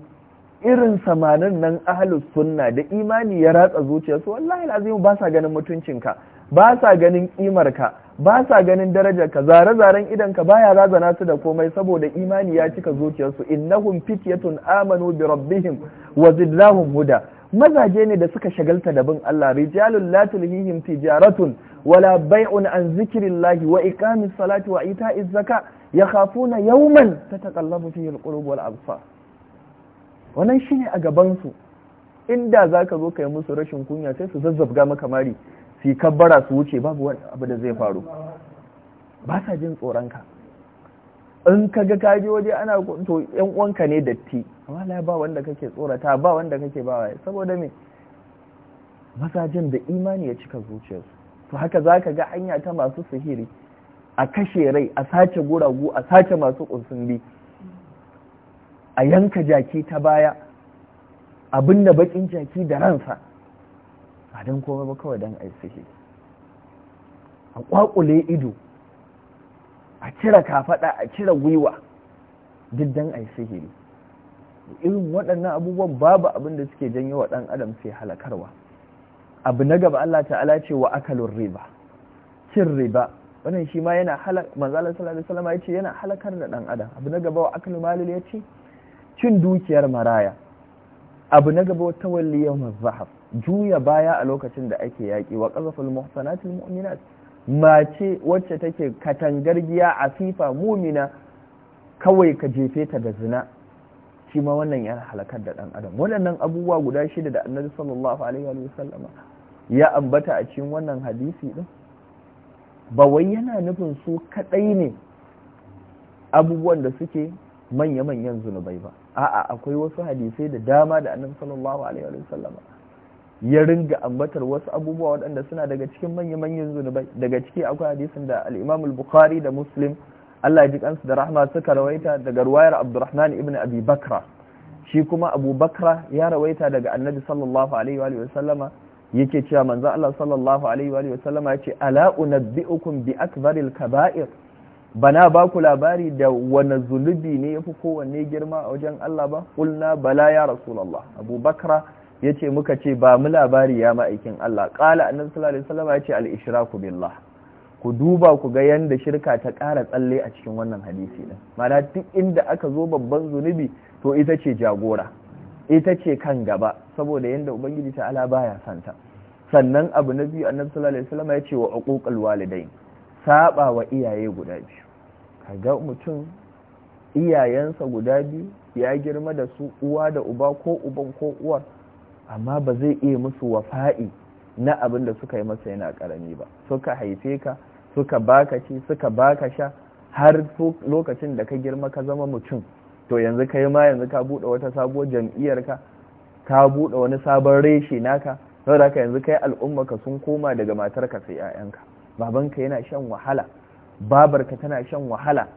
irin samanin nan ahalus sunna da imani ya ratsa zuciyarsu wallahi lazim ba sa ganin mutuncinka ba sa ganin kimarka ba sa ganin darajarka zare-zaren idanka baya razana su da komai saboda imani ya cika zuciyarsu innahum fityatun amanu bi rabbihim wa zidnahum huda mazaje ne da suka shagalta da bin Allah rijalul latul hihim tijaratun wala bai'un an zikrillahi wa iqamis salati wa ita'iz zaka yakhafuna yawman tataqallabu fihi alqulub wal absar wannan shine a gaban su inda zaka zo kai musu rashin kunya sai su zazzabga maka mari su kabbara su wuce babu wani abu da zai faru ba sa jin tsoron ka in ka ga kaji waje ana to yan uwanka ne datti amma la ba wanda kake tsorata ba wanda kake bawa saboda me masajin da imani ya cika zuciyarsu to haka zaka ga hanya ta masu sihiri a kashe rai a sace guragu a sace masu kunsun a yanka jaki ta baya abin da bakin jaki da ransa a don komai ba kawai don aisihi a kwakule ido a cire kafaɗa a cire gwiwa duk dan ai sihiri irin waɗannan abubuwan babu abin da suke janyo wa ɗan adam sai halakarwa abu na gaba Allah ta'ala ce wa akalun riba cin riba wannan shi ma yana halak manzalar sallallahu alaihi ya ce yana halakar da ɗan adam abu na gaba wa akalun malil ya ce cin dukiyar maraya abu na gaba tawalliyar mazahab juya baya a lokacin da ake yaƙi wa qazaful muhsanatil mu'minat mace wacce take katangar giya a fifa mumina kawai ka jefe ta da zina shi ma wannan yana halakar da ɗan adam waɗannan abubuwa guda shida da annabi sallallahu alaihi wa sallama ya ambata a cikin wannan hadisi din ba wai yana nufin su kaɗai ne abubuwan da suke manya-manyan zunubai ba a'a akwai wasu hadisai da dama da annabi sallallahu alaihi wa sallama ya ringa ambatar wasu abubuwa waɗanda suna daga cikin manya-manyan zunubai daga ciki akwai hadisin da al al-Bukhari da Muslim Allah ya ji kansu da rahma suka rawaita daga ruwayar Abdurrahman ibn Abi Bakra shi kuma Abu Bakra ya rawaita daga Annabi sallallahu alaihi wa sallama yake cewa manzo Allah sallallahu alaihi wa sallama ce ala unabbiukum bi akbaril kaba'ir bana ba ku labari da wani zunubi ne yafi kowanne girma a wajen Allah ba Kulna bala ya rasulullah Abu Bakra ya ce muka ce ba mu labari ya ma'aikin Allah ƙala annan salari salama ya ce al'ishiraku billah ku duba ku ga yadda shirka ta ƙara tsalle a cikin wannan hadisi ɗin mana duk inda aka zo babban zunubi to ita ce jagora ita ce kan gaba saboda yadda ubangiji ta ala baya santa sannan abu na biyu annan salari salama ya ce wa uquqal walidai saba wa iyaye guda biyu kaga mutum iyayensa guda biyu ya girma da su uwa da uba ko uban ko uwar amma ba zai iya musu wafa'i na abin da suka yi masa yana karami ba suka haife ka suka baka ci suka baka sha har lokacin da ka girma ka zama mutum to yanzu kai ma yanzu ka bude wata sabuwar jam'iyyar ka ka bude wani sabon reshe naka saboda ka yanzu kai al'umma ka sun koma daga matarka sai 'ya'yanka babanka yana shan wahala babarka tana shan wahala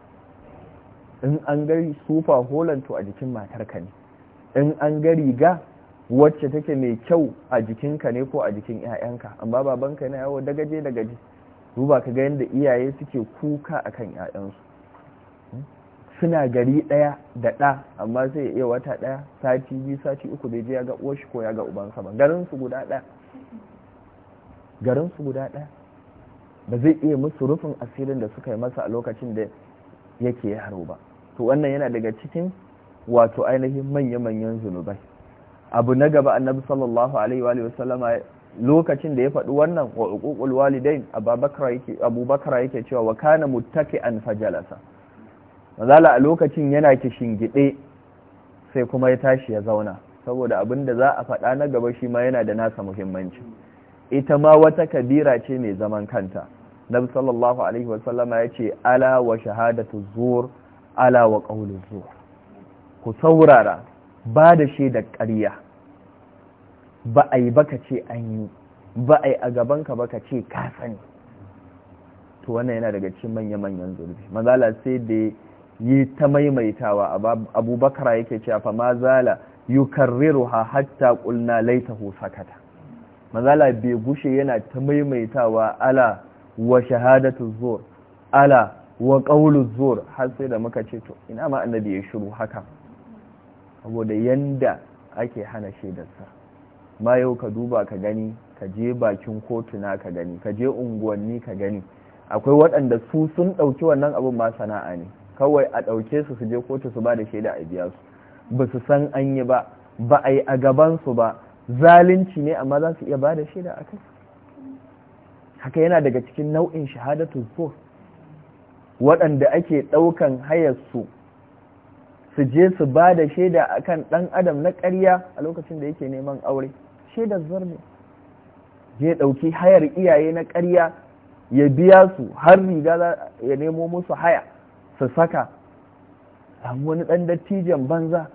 in an gari sufa to a jikin matarka ne in an gari ga wacce take mai kyau a jikinka ne ko a jikin 'ya'yanka amma babanka na yawo dagaje dagaje duba ka ga yadda iyaye suke kuka a kan 'ya'yansu suna gari ɗaya da ɗa amma sai iya wata ɗaya sati biyu sati uku bai ji ya ga uwashi ko ya ga ubansa ba garinsu guda ɗaya garinsu guda ɗaya ba zai iya musu rufin asirin da suka yi masa a lokacin da yake yaro ba to wannan yana daga cikin wato ainihin manya-manyan zunubai abu na gaba annabi sallallahu alaihi wa sallama lokacin da ya faɗi wannan wa uququl walidain abubakar yake abubakar yake cewa wa kana muttaki'an fajalasa mazala a lokacin yana shingide sai kuma ya tashi ya zauna saboda abin da za a faɗa na gaba shi ma yana da nasa muhimmanci ita ma wata kabira ce mai zaman kanta nabi sallallahu alaihi wa sallama yace ala wa shahadatu zur ala wa qawlu zur ku saurara ba da da ƙarya ba a yi ba ka ce an yi ba a yi a gabanka ka ce ka sani to wannan yana daga cikin manya-manyan zurfi mazala sai da yi ta maimaitawa abubakar yake cewa fa mazala ha hatta laita ko sakata mazala bai gushe yana ta maimaitawa ala wa shahadatu zuwa ala wa qawlu zuwa har sai da muka ce to ina ma annabi ya shiru haka saboda yanda ake hana shaidarsa ma yau ka duba ka gani ka je bakin kotuna ka gani ka je unguwanni ka gani akwai waɗanda su sun ɗauki wannan abin ma sana'a ne kawai a ɗauke su su je kotu su ba da shaida a biya su ba su san an yi ba ba a yi a gabansu ba zalunci ne amma za su iya ba da shaida a kai haka yana daga cikin nau'in shahadatu zuwa waɗanda ake ɗaukan hayar su su je su ba da shaida a kan ɗan adam na ƙarya a lokacin da yake neman aure shaidar ne je ɗauki hayar iyaye na ƙarya ya biya su har riga ya nemo musu haya su saka wani ɗan dattijan banza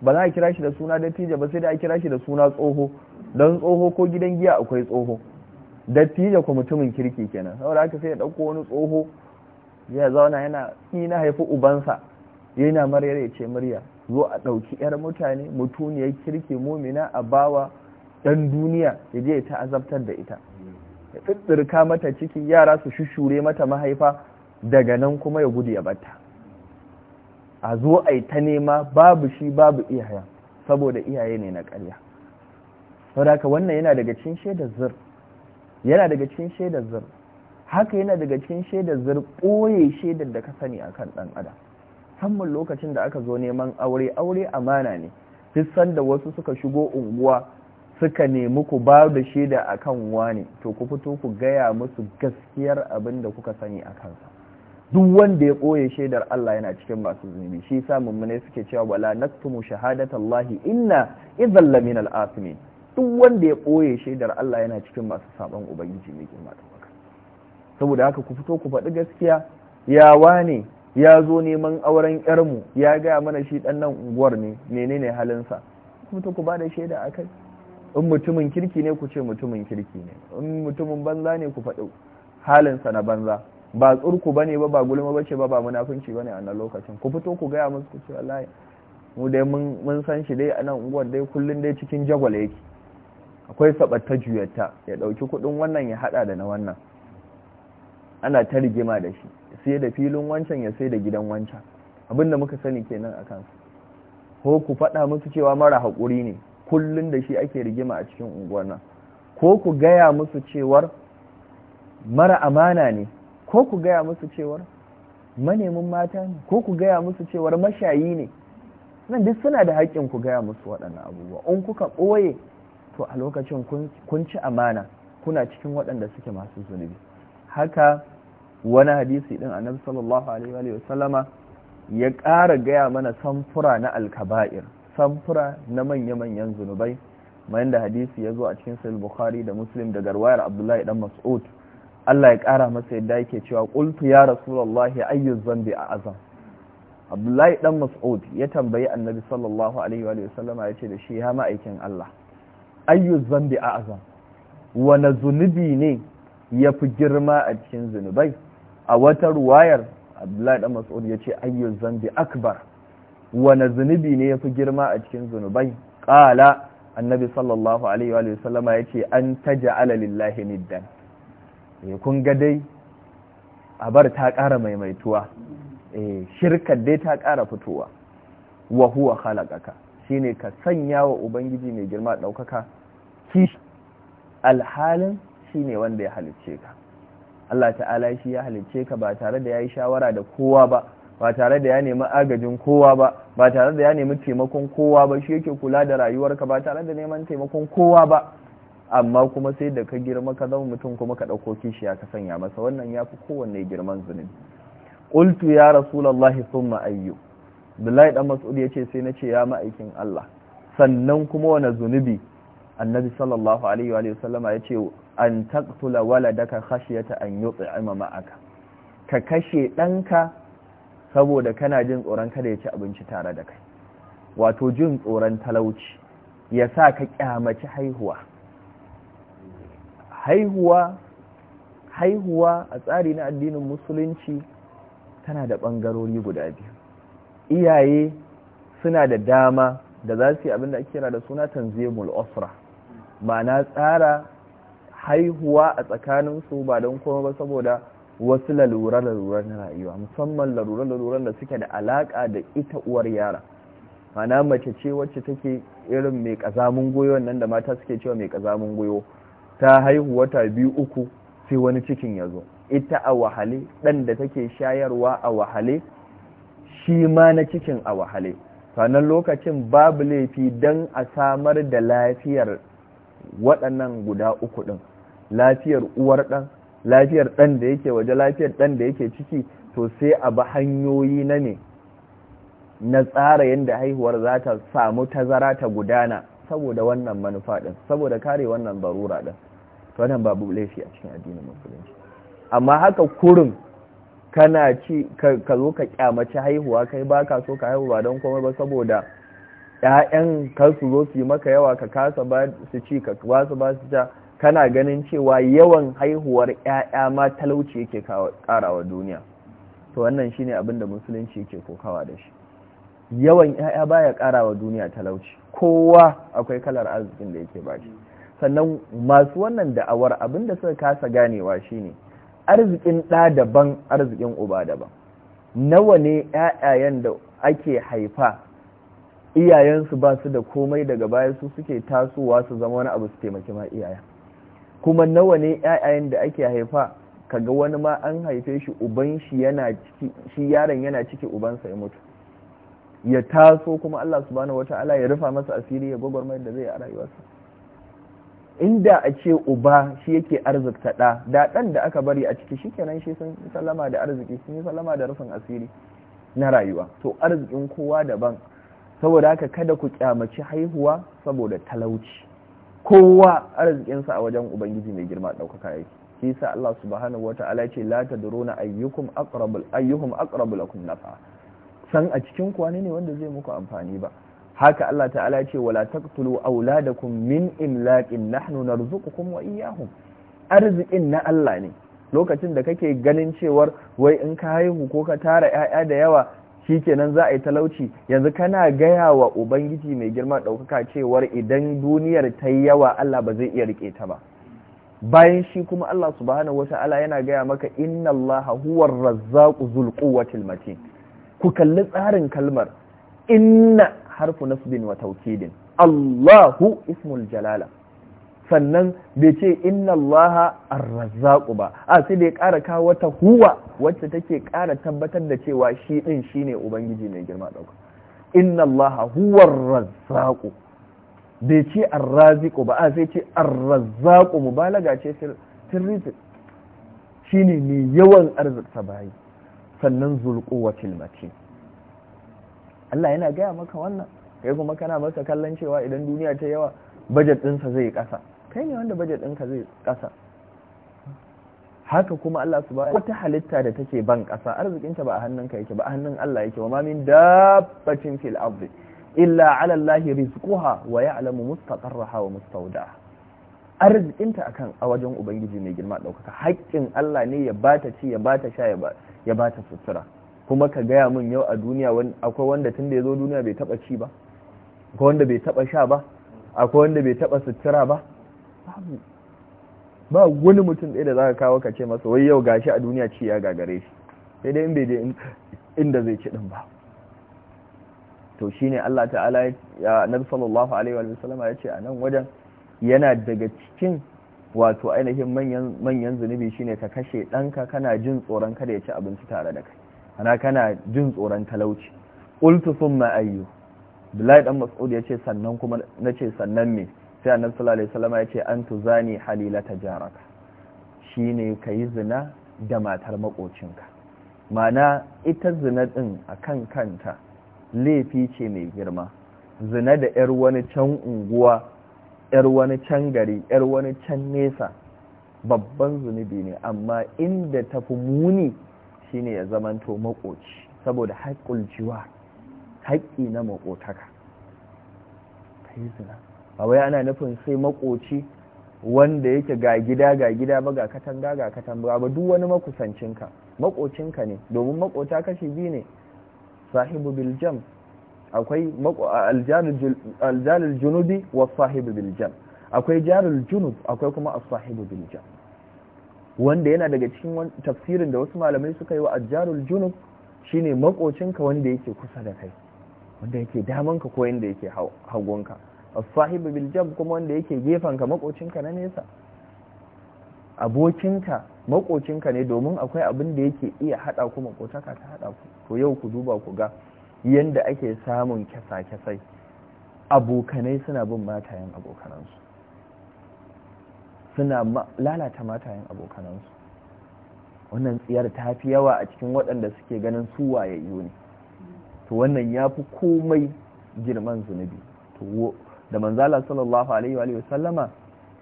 ba za a kira shi da suna dattija ba sai da a kira shi da suna tsoho don tsoho ko gidan giya akwai tsoho dattija ko mutumin kirki kenan saboda haka sai ya ɗauko wani tsoho ya zauna yana ina haifi ubansa yana maryar ce murya zo a ɗauki 'yar mutane mutuniyar kirki mumina a bawa ɗan duniya ya je ta azabtar da ita ya tsirka mata ciki yara su shushure mata mahaifa daga nan kuma ya gudu ya bata a zo a yi ta nema babu shi babu iyaya, saboda iyaye ne na karya. saboda wannan yana daga cikin shaidar zir yana daga cikin shaidar zir haka yana daga cikin shaidar zir ɓoye shaidar da ka sani akan ɗan adam musamman lokacin da aka zo neman aure aure amana ne duk da wasu suka shigo unguwa suka nemi ku ba da shaida akan wani to ku fito ku gaya musu gaskiyar abin da kuka sani a kansa duk wanda ya ɓoye shaidar Allah yana cikin masu zunubi shi yasa munai suke cewa wala naktumu shahadatallahi inna idhal min al-asimin duk wanda ya ɓoye shaidar Allah yana cikin masu saban ubangiji mai girma saboda haka ku fito ku faɗi gaskiya ya ne ya zo neman auren yarmu ya gaya mana shi dan nan unguwar ne menene halinsa mutu ku ba da shaida a kai in mutumin kirki ne ku ce mutumin kirki ne in mutumin banza ne ku faɗi halinsa na banza ba tsurku bane ba ba gulma ba ce ba ba munafunci ne a nan lokacin ku fito ku gaya musu ku ce wallahi mu dai mun san shi dai a nan unguwar dai kullum dai cikin jagwal yake akwai sabatta juyatta. ya ɗauki kuɗin wannan ya haɗa da na wannan ana ta rigima da shi sai da filin wancan ya sai da gidan wancan abinda muka sani kenan a kansu ko ku faɗa musu cewa mara haƙuri ne kullum da shi ake rigima a cikin unguwar nan ko ku gaya musu cewar mara amana ne ko ku gaya musu cewar manemin mata ne ko ku gaya musu cewar mashayi ne nan duk suna da haƙƙin ku gaya musu waɗannan abubuwa in kuka ɓoye to a lokacin kun ci amana kuna cikin waɗanda suke masu zunubi haka wani hadisi din annabi sallallahu alaihi wa sallama ya ƙara gaya mana samfura na alkaba'ir samfura na manya-manyan zunubai mayan da hadisi ya zo a cikin sahih bukhari da muslim da garwayar abdullahi dan mas'ud Allah ya ƙara masa yadda yake cewa qultu ya rasulullahi ayyu zambi a'azam abdullahi dan mas'ud ya tambayi annabi sallallahu alaihi wa sallama ya ce da shi ya ma'aikin Allah ayyu dhanbi a'azam na zunubi ne ya fi girma a cikin zunubai a wata ruwayar abdullahi dan mas'ud yace ayyu zambi akbar wani zunubi ne ya fi girma a cikin zunubai ƙala annabi sallallahu alaihi wa sallama ya ce an ta taj'ala lillahi niddan eh kun ga dai bar ta ƙara maimaituwa eh shirkar dai ta ƙara fitowa wa huwa khalaqaka shine ka sanya wa ubangiji mai girma ɗaukaka? kishi alhalin shi ne wanda ya halicce ka Allah ta'ala shi ya halicce ka ba tare da ya yi shawara da kowa ba ba tare da ya nemi agajin kowa ba ba tare da ya nemi taimakon kowa ba shi yake kula da rayuwarka ba tare da neman taimakon kowa ba amma kuma sai da ka girma ka zama mutum kuma ka ɗauko kishiya ka sanya masa wannan ya fi kowanne girman zunubi qultu ya rasulullahi thumma ayyu billahi dan mas'ud yace sai na ce ya ma'aikin Allah sannan kuma wani zunubi annabi sallallahu alaihi wa sallama yace an ka waladaka khashyata an yut'ima ma'aka ka kashe ɗanka saboda kana jin tsoron kada ya ci abinci tare da kai wato jin tsoron talauci ya sa ka kyamaci haihuwa haihuwa haihuwa a tsari na addinin musulunci tana da ɓangarori guda biyu iyaye suna da dama da za su yi abin da ake kira da suna tanzimul osra ma'ana tsara haihuwa a tsakanin su ba don kuma ba saboda wasu lalura-lalura na rayuwa musamman lalura-lalura da suke da alaka da ita uwar yara mana mace ce wacce take irin mai kazamun goyo nan da mata suke cewa mai kazamun goyo ta haihu wata biyu uku sai wani cikin ya zo ita a wahale ɗan da take shayarwa a wahale shi ma na cikin a wahale sannan lokacin babu laifi don a samar da lafiyar waɗannan guda uku ɗin lafiyar uwar ɗan lafiyar ɗan da yake waje lafiyar ɗan da yake ciki to sai a bi hanyoyi na ne na tsara yadda haihuwar za ta samu tazara ta gudana saboda wannan manufa ɗin saboda kare wannan barura ɗin wannan babu laifi a cikin addinin musulunci amma haka kurin kana ci ka zo ka kyamaci haihuwa kai ba ka so ka haihu ba don komai ba saboda ‘ya'yan kar su zo su yi maka yawa ka kasa ba su ci ka ba su ba su ja kana ganin cewa yawan haihuwar 'ya'ya ma talauci yake karawa duniya to wannan shine abin da musulunci yake kokawa da shi yawan 'ya'ya baya karawa duniya talauci kowa akwai kalar arzikin da yake bashi sannan masu wannan da'awar abin da suka kasa ganewa shine arzikin ɗa daban arzikin uba daban nawa ne ƴaƴayen da ake haifa iyayensu ba su da komai daga baya su suke tasowa su zama wani abu su taimaki ma iyayen kuma nawa ne ƴaƴayen da ake haifa kaga wani ma an haife shi uban shi yana ciki shi yaron yana ciki ubansa ya mutu ya taso kuma Allah subhanahu wataala ya rufa masa asiri ya gwagwarmayar da zai a rayuwarsa inda a ce uba shi yake arzikta ɗa da ɗan da aka bari a ciki shikenan shi sun salama da arziki sun yi salama da rufin asiri na rayuwa to arzikin kowa daban saboda haka kada ku kyamaci haihuwa saboda talauci kowa arzikinsa a wajen ubangiji mai girma ɗaukaka yake shi sa Allah subhanahu wata'ala ta'ala ce la tadruna ayyukum aqrabul ayyuhum aqrabu lakum nafa san a cikin ku ne wanda zai muku amfani ba haka Allah ta'ala ce wala taqtulu auladakum min imlaqin nahnu narzuqukum wa iyyahum arzikin na Allah ne lokacin da kake ganin cewar wai in ka haihu ko ka tara 'ya'ya da yawa shi kenan za a yi talauci yanzu kana gaya wa ubangiji mai girma ɗaukaka cewar idan duniyar ta yi yawa Allah ba zai iya riƙe ta ba bayan shi kuma Allah subhanahu wata'ala yana gaya maka inna Allah huwar razzaqu zul quwwatil matin ku kalli tsarin kalmar inna harfu nasbin wa tawkidin Allahu ismul jalala sannan bai ce inna allaha arrazzaqu ba a sai da ya ƙara kawo wata huwa wacce take ƙara tabbatar da cewa shi din shine ubangiji mai girma dauka inna allaha huwa arrazzaqu bai ce arraziku ba a sai ce arrazzaqu mubalaga ce Shi shine mai yawan arzikta bayi sannan wa matin Allah yana gaya maka wannan kai kuma kana masa kallon cewa idan duniya ta yawa bajet ɗinsa zai ƙasa kai ne wanda budget ɗinka zai ƙasa haka kuma Allah su ba wata halitta da take ban ƙasa arzikinta ba a hannunka yake ba a hannun Allah yake wa mamin dabbacin fil ardi illa ala Allah rizquha wa ya'lamu mustaqarraha wa mustawdaha arzikinta akan a wajen ubangiji mai girma ɗaukaka haƙƙin Allah ne ya bata ci ya bata sha ya bata sutura kuma ka gaya min yau a duniya akwai wanda tun da ya zo duniya bai taɓa ci ba akwai wanda bai taɓa sha ba akwai wanda bai taɓa sutura ba babu ba wani mutum ɗaya da za ka kawo ka ce masa wai yau gashi a duniya ci ya gagare shi sai dai in bai je inda zai ci din ba to shine Allah ta'ala ya nabi sallallahu alaihi wa sallama ya ce a nan wajen yana daga cikin wato ainihin manyan manyan zunubi shine ka kashe ɗanka kana jin tsoron kada ya ci abinci tare da kai ana kana jin tsoron talauci qultu thumma ayyu bilal dan mas'ud ya ce sannan kuma nace sannan me sai annabi sallallahu alaihi wasallam ya ce an tuzani halilata jaraka shine kayi zina da matar makocinka mana ita zina ɗin a kan kanta laifi ce mai girma zina da yar wani can unguwa yar wani can gari yar wani can nesa babban zunubi ne amma inda tafi muni shine ya zamanto makoci saboda haƙƙul jiwa haƙƙi na makotaka yi zina a wai ana nufin sai makoci wanda yake ga gida ga gida ba ga katanga ga katanga ba duk wani makusancinka makocinka ne domin makota kashi biyu ne sahibu biljam akwai aljalul junubi wa sahibu biljam akwai jarul junub akwai kuma as-sahibu biljam wanda yana daga cikin tafsirin da wasu malamai suka yi wa aljalul junub shine makocinka wanda yake kusa da kai wanda yake damanka ko yanda yake hagunka as-sahibu kuma wanda yake gefanka ka na nesa abokinka makocinka ne domin akwai abin da yake iya hada ku makotaka ta hada ku to yau ku duba ku ga yanda ake samun kyasa-kyasai abokanai suna bin matayen abokanansu suna lalata matayen abokanansu wannan tsiyar ta fi yawa a cikin waɗanda suke ganin su wayayyo ne to wannan ya fi komai girman zunubi to da manzala sallallahu alaihi wa sallama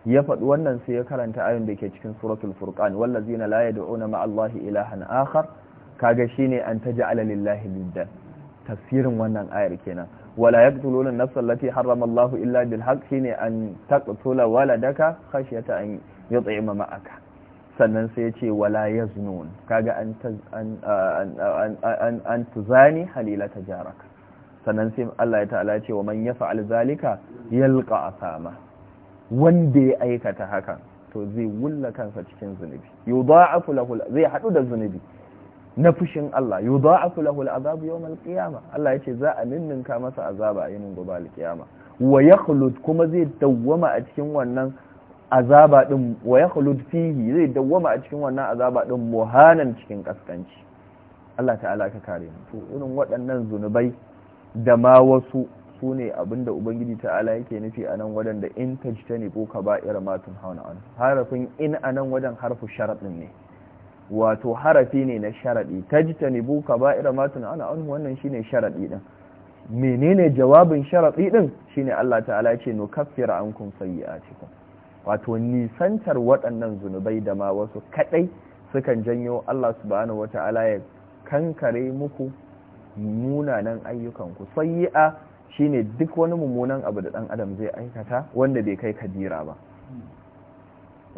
ya faɗi wannan sai ya karanta ayon da ke cikin suratul furqan zina la yad'una ma allahi ilahan akhar kaga shine an taj'ala lillahi lidda tafsirin wannan ayar kenan wala yaqtuluna an-nafsa allati harrama illa bil haqq shine an taqtula waladaka khashyata an yut'ima ma'aka sannan sai ya ce wala yaznun kaga an an an an tuzani halila tajaraka sannan sai Allah ya ta'ala ce wa man yaf'al zalika yalqa asama wanda ya aikata haka to zai wulla kansa cikin zunubi yudha'afu lahu zai hadu da zunubi na fushin Allah yudha'afu lahu al'azab yawm al-qiyamah Allah ya ce za a ninninka masa azaba a yinin gobe al-qiyama wa yakhlud kuma zai dawwama a cikin wannan azaba din wa yakhlud fihi zai dawwama a cikin wannan azaba din muhanan cikin kaskanci Allah ta'ala ka kare mu to irin waɗannan zunubai da ma wasu su ne abinda ubangiji ta'ala yake nufi a nan wadanda in ta ko ka ba'ira matun hauna an harafin in a nan wadan harfu sharaɗin ne wato harafi ne na sharadi Ta bu ka ba'ira matun ana an wannan shine sharadi din menene jawabin sharadi din shine Allah ta'ala ya ce no kaffira ankum sayyi'atikum wato nisantar waɗannan zunubai da ma wasu kadai sukan janyo Allah subhanahu wata'ala ya kankare muku munanan ayyukanku sayi'a shine duk wani mummunan abu da dan adam zai aikata wanda bai kai kadira ba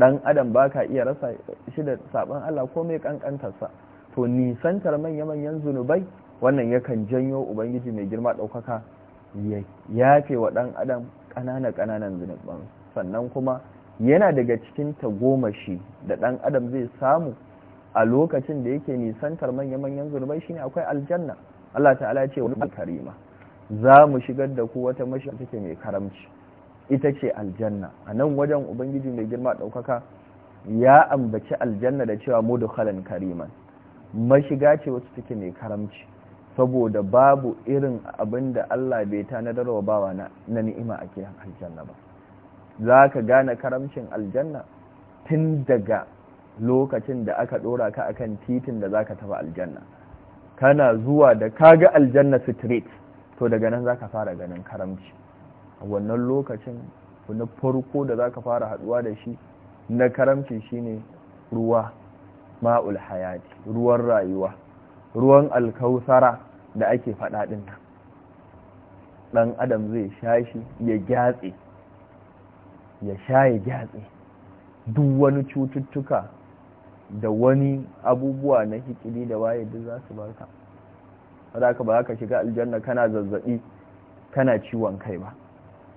dan adam baka iya rasa shi da sabon Allah ko mai kankantarsa to nisantar manya-manyan zunubai wannan yakan janyo ubangiji mai girma daukaka ya ce wa dan adam kanana-kananan zunuban sannan kuma yana daga cikin shi da dan adam zai samu a lokacin da yake nisantar manya-manyan zunubai shine akwai aljanna Allah ta'ala ya ce wani karima za mu shigar da ku wata mashi take mai karamci ita ce aljanna a nan wajen ubangiji mai girma ɗaukaka ya ambaci aljanna da cewa Mudu khalan kariman mashiga ce wata take mai karamci saboda babu irin abinda Allah bai tanadarwa bawa na ni'ima a kiran aljanna ba za ka gane karamcin aljanna tun daga lokacin da aka dora ka akan titin da za ka taba aljanna kana zuwa da kaga aljanna straight to daga nan zaka fara ganin karamci wannan lokacin na farko da zaka fara haduwa da shi na karamci shine ruwa ma'ul hayati ruwan rayuwa ruwan alkausara da ake faɗa din nan ɗan adam zai sha shi ya gyatse ya sha ya gyatse duk wani cututtuka da wani abubuwa na hikili da waye duk za su barka wadda ba haka ka shiga aljanna kana zazzaɓi kana ciwon kai ba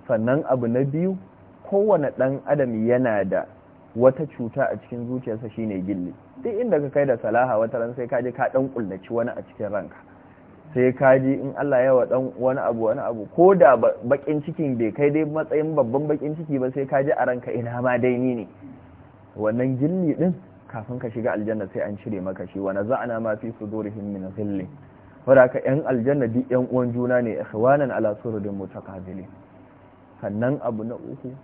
sannan abu na biyu kowane ɗan adam yana da wata cuta a cikin zuciyarsa shine gilli duk inda ka kai da salaha wata ran sai kaji ka dan kullaci wani a cikin ranka sai kaji in Allah yawa dan wani abu wani abu ko da baƙin cikin bai kai dai matsayin babban baƙin ciki ba sai kaji a ranka ina ma dai ni ne wannan gilli ɗin? kafin ka shiga aljanna sai an cire maka shi wa naza'ana ma fi sudurihim min ghillin wadaka yan aljanna duk yan uwan juna ne ikhwanan ala suradin mutaqabilin sannan abu na uku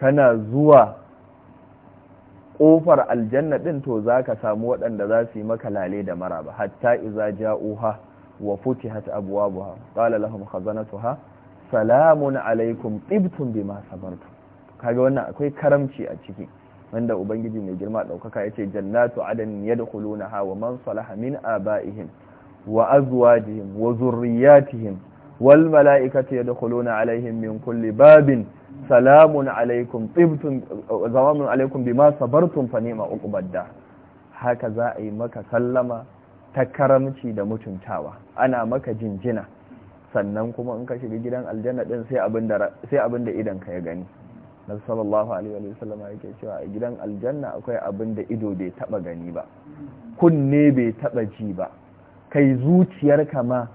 kana zuwa kofar aljanna din to zaka samu wadanda za su yi maka lale da maraba hatta iza ja'uha wa futihat abwabuha qala lahum khazanatuha salamun alaikum tibtum bima sabartum kaga wannan akwai karamci a ciki wanda ubangiji mai girma daukaka yace jannatu adan yadkhulunaha wa man salaha min abaihim wa azwajihim wa zurriyatihim wal mala'ikatu yadkhuluna alaihim min kulli babin salamun alaikum tibtum zawamun alaikum bima sabartum fa ni'ma uqbadda haka za a yi maka sallama ta karamci da mutuntawa ana maka jinjina sannan kuma in ka shiga gidan aljanna din sai abinda sai abinda idan ka ya gani na sallallahu alaihi wa sallam yake cewa a gidan aljanna akwai abin da ido bai taba gani ba kunne bai taba ji ba kai zuciyar ka ma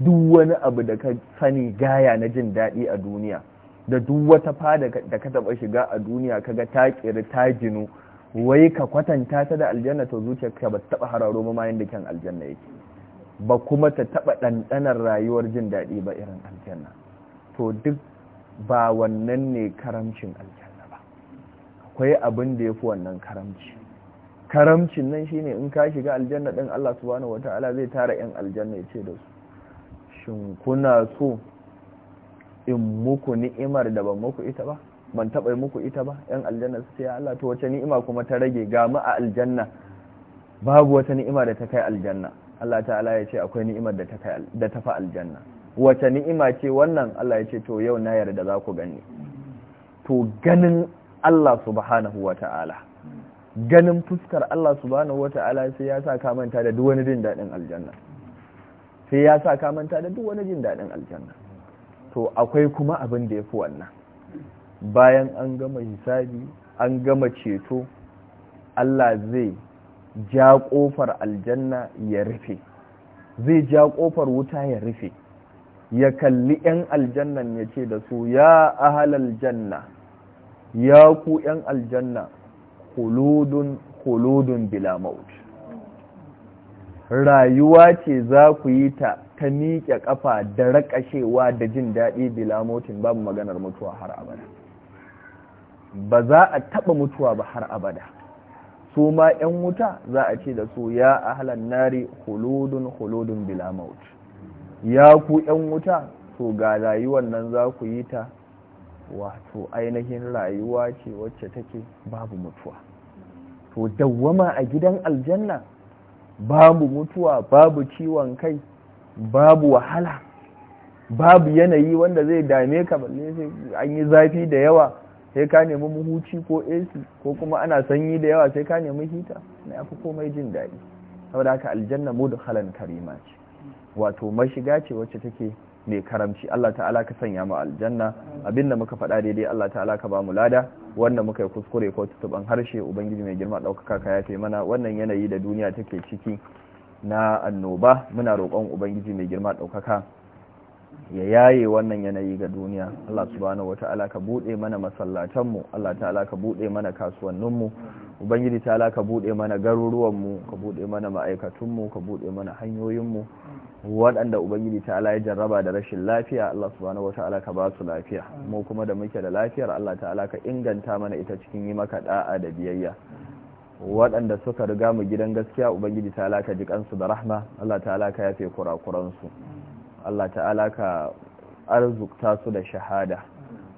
duk wani abu da ka sani gaya na jin daɗi a duniya da duk wata fada da ka taba shiga a duniya kaga ta kiri ta jinu wai ka kwatanta ta da aljanna to zuciyar ka ba ta taba hararo ba ma yanda kan aljanna yake ba kuma ta taba ɗanɗanar rayuwar jin daɗi ba irin aljanna to duk ba wannan ne karamcin aljanna ba akwai abin da ya fi wannan karamci karamcin nan shine in ka shiga aljanna ɗin Allah subhanahu wata'ala zai tara 'yan aljanna ya ce da su shin kuna so in muku ni'imar da ban muku ita ba ban taɓa yi muku ita ba ‘yan aljanna su ce ya Allah to wace ni'ima kuma ta rage ga mu a aljanna babu wata ni'ima da ta kai aljanna Allah ta'ala ya ce akwai ni'imar da ta fa aljanna wace ni'ima ce wannan Allah ya ce to yau na yarda za ku gani to ganin Allah subhanahu wa ta'ala ganin fuskar Allah subhanahu wa ta'ala sai ya sa ka manta da duk wani jin dadin aljanna sai ya sa ka manta da duk wani jin dadin aljanna to akwai kuma abin da yafi wannan bayan an gama hisabi an gama ceto Allah zai ja kofar aljanna ya rufe zai ja kofar wuta ya rufe ya kalli 'yan aljannan ya ce da su ya ahalal janna ya ku 'yan aljanna kuludun kuludun bila maut rayuwa ce za ku yi ta ta miƙe ƙafa da raƙashewa da jin daɗi bila mautin babu maganar mutuwa har abada ba za a taɓa mutuwa ba har abada su ma 'yan wuta za a ce da su ya halar nari huludun huludun bila ya ku ‘yan wuta to ga rayuwar nan za ku yi ta wato ainihin rayuwa ce wacce take babu mutuwa to dawwama a gidan aljanna babu mutuwa babu ciwon kai babu wahala babu yanayi wanda zai dame ka balle sai an yi zafi da yawa sai ka nemi muhuci ko AC ko kuma ana sanyi da yawa sai ka nemi hita na yafi komai jin daɗi saboda haka aljanna mudkhalan karima ce wato mashiga ce wacce take mai karamci Allah ta'ala ka sanya mu aljanna abin da muka faɗa daidai Allah ta'ala ka ba mu lada wanda muka yi kuskure ko tutuban harshe ubangiji mai girma ɗaukaka ka yafe mana wannan yanayi da duniya take ciki na annoba muna roƙon ubangiji mai girma ɗaukaka ya yaye wannan yanayi ga duniya Allah subhanahu wata'ala ka buɗe mana masallatanmu Allah ta'ala ka buɗe mana kasuwanninmu ubangiji ta ka bude mana garuruwan mu ka bude mana ma'aikatunmu ka bude mana hanyoyinmu waɗanda ubangiji ta ya jarraba da rashin lafiya Allah subhanahu wataala ka ba su lafiya mu kuma da muke da lafiyar Allah ta'ala ka inganta mana ita cikin yi maka da'a da biyayya waɗanda suka riga mu gidan gaskiya ubangiji ta ka ji kansu da rahma Allah ta'ala ka yafe kurakuransu Allah ta'ala ka arzukta su da shahada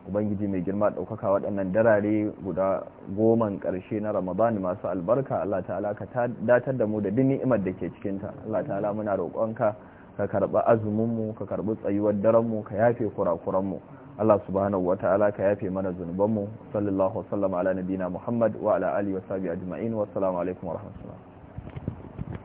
ubangiji mai girma ɗaukaka waɗannan darare guda goman ƙarshe na ramadan masu albarka allah ta'ala ka datar da mu da duk ni'imar da ke cikinta allah ta'ala muna roƙonka ka karɓi azuminmu ka karɓi tsayuwar daranmu ka yafe kurakuranmu allah subhanahu wata'ala ka yafe mana zunubanmu sallallahu wasallam ala nabina muhammad wa ala alihi wa sahbihi ajma'in wa alaikum wa rahmatullah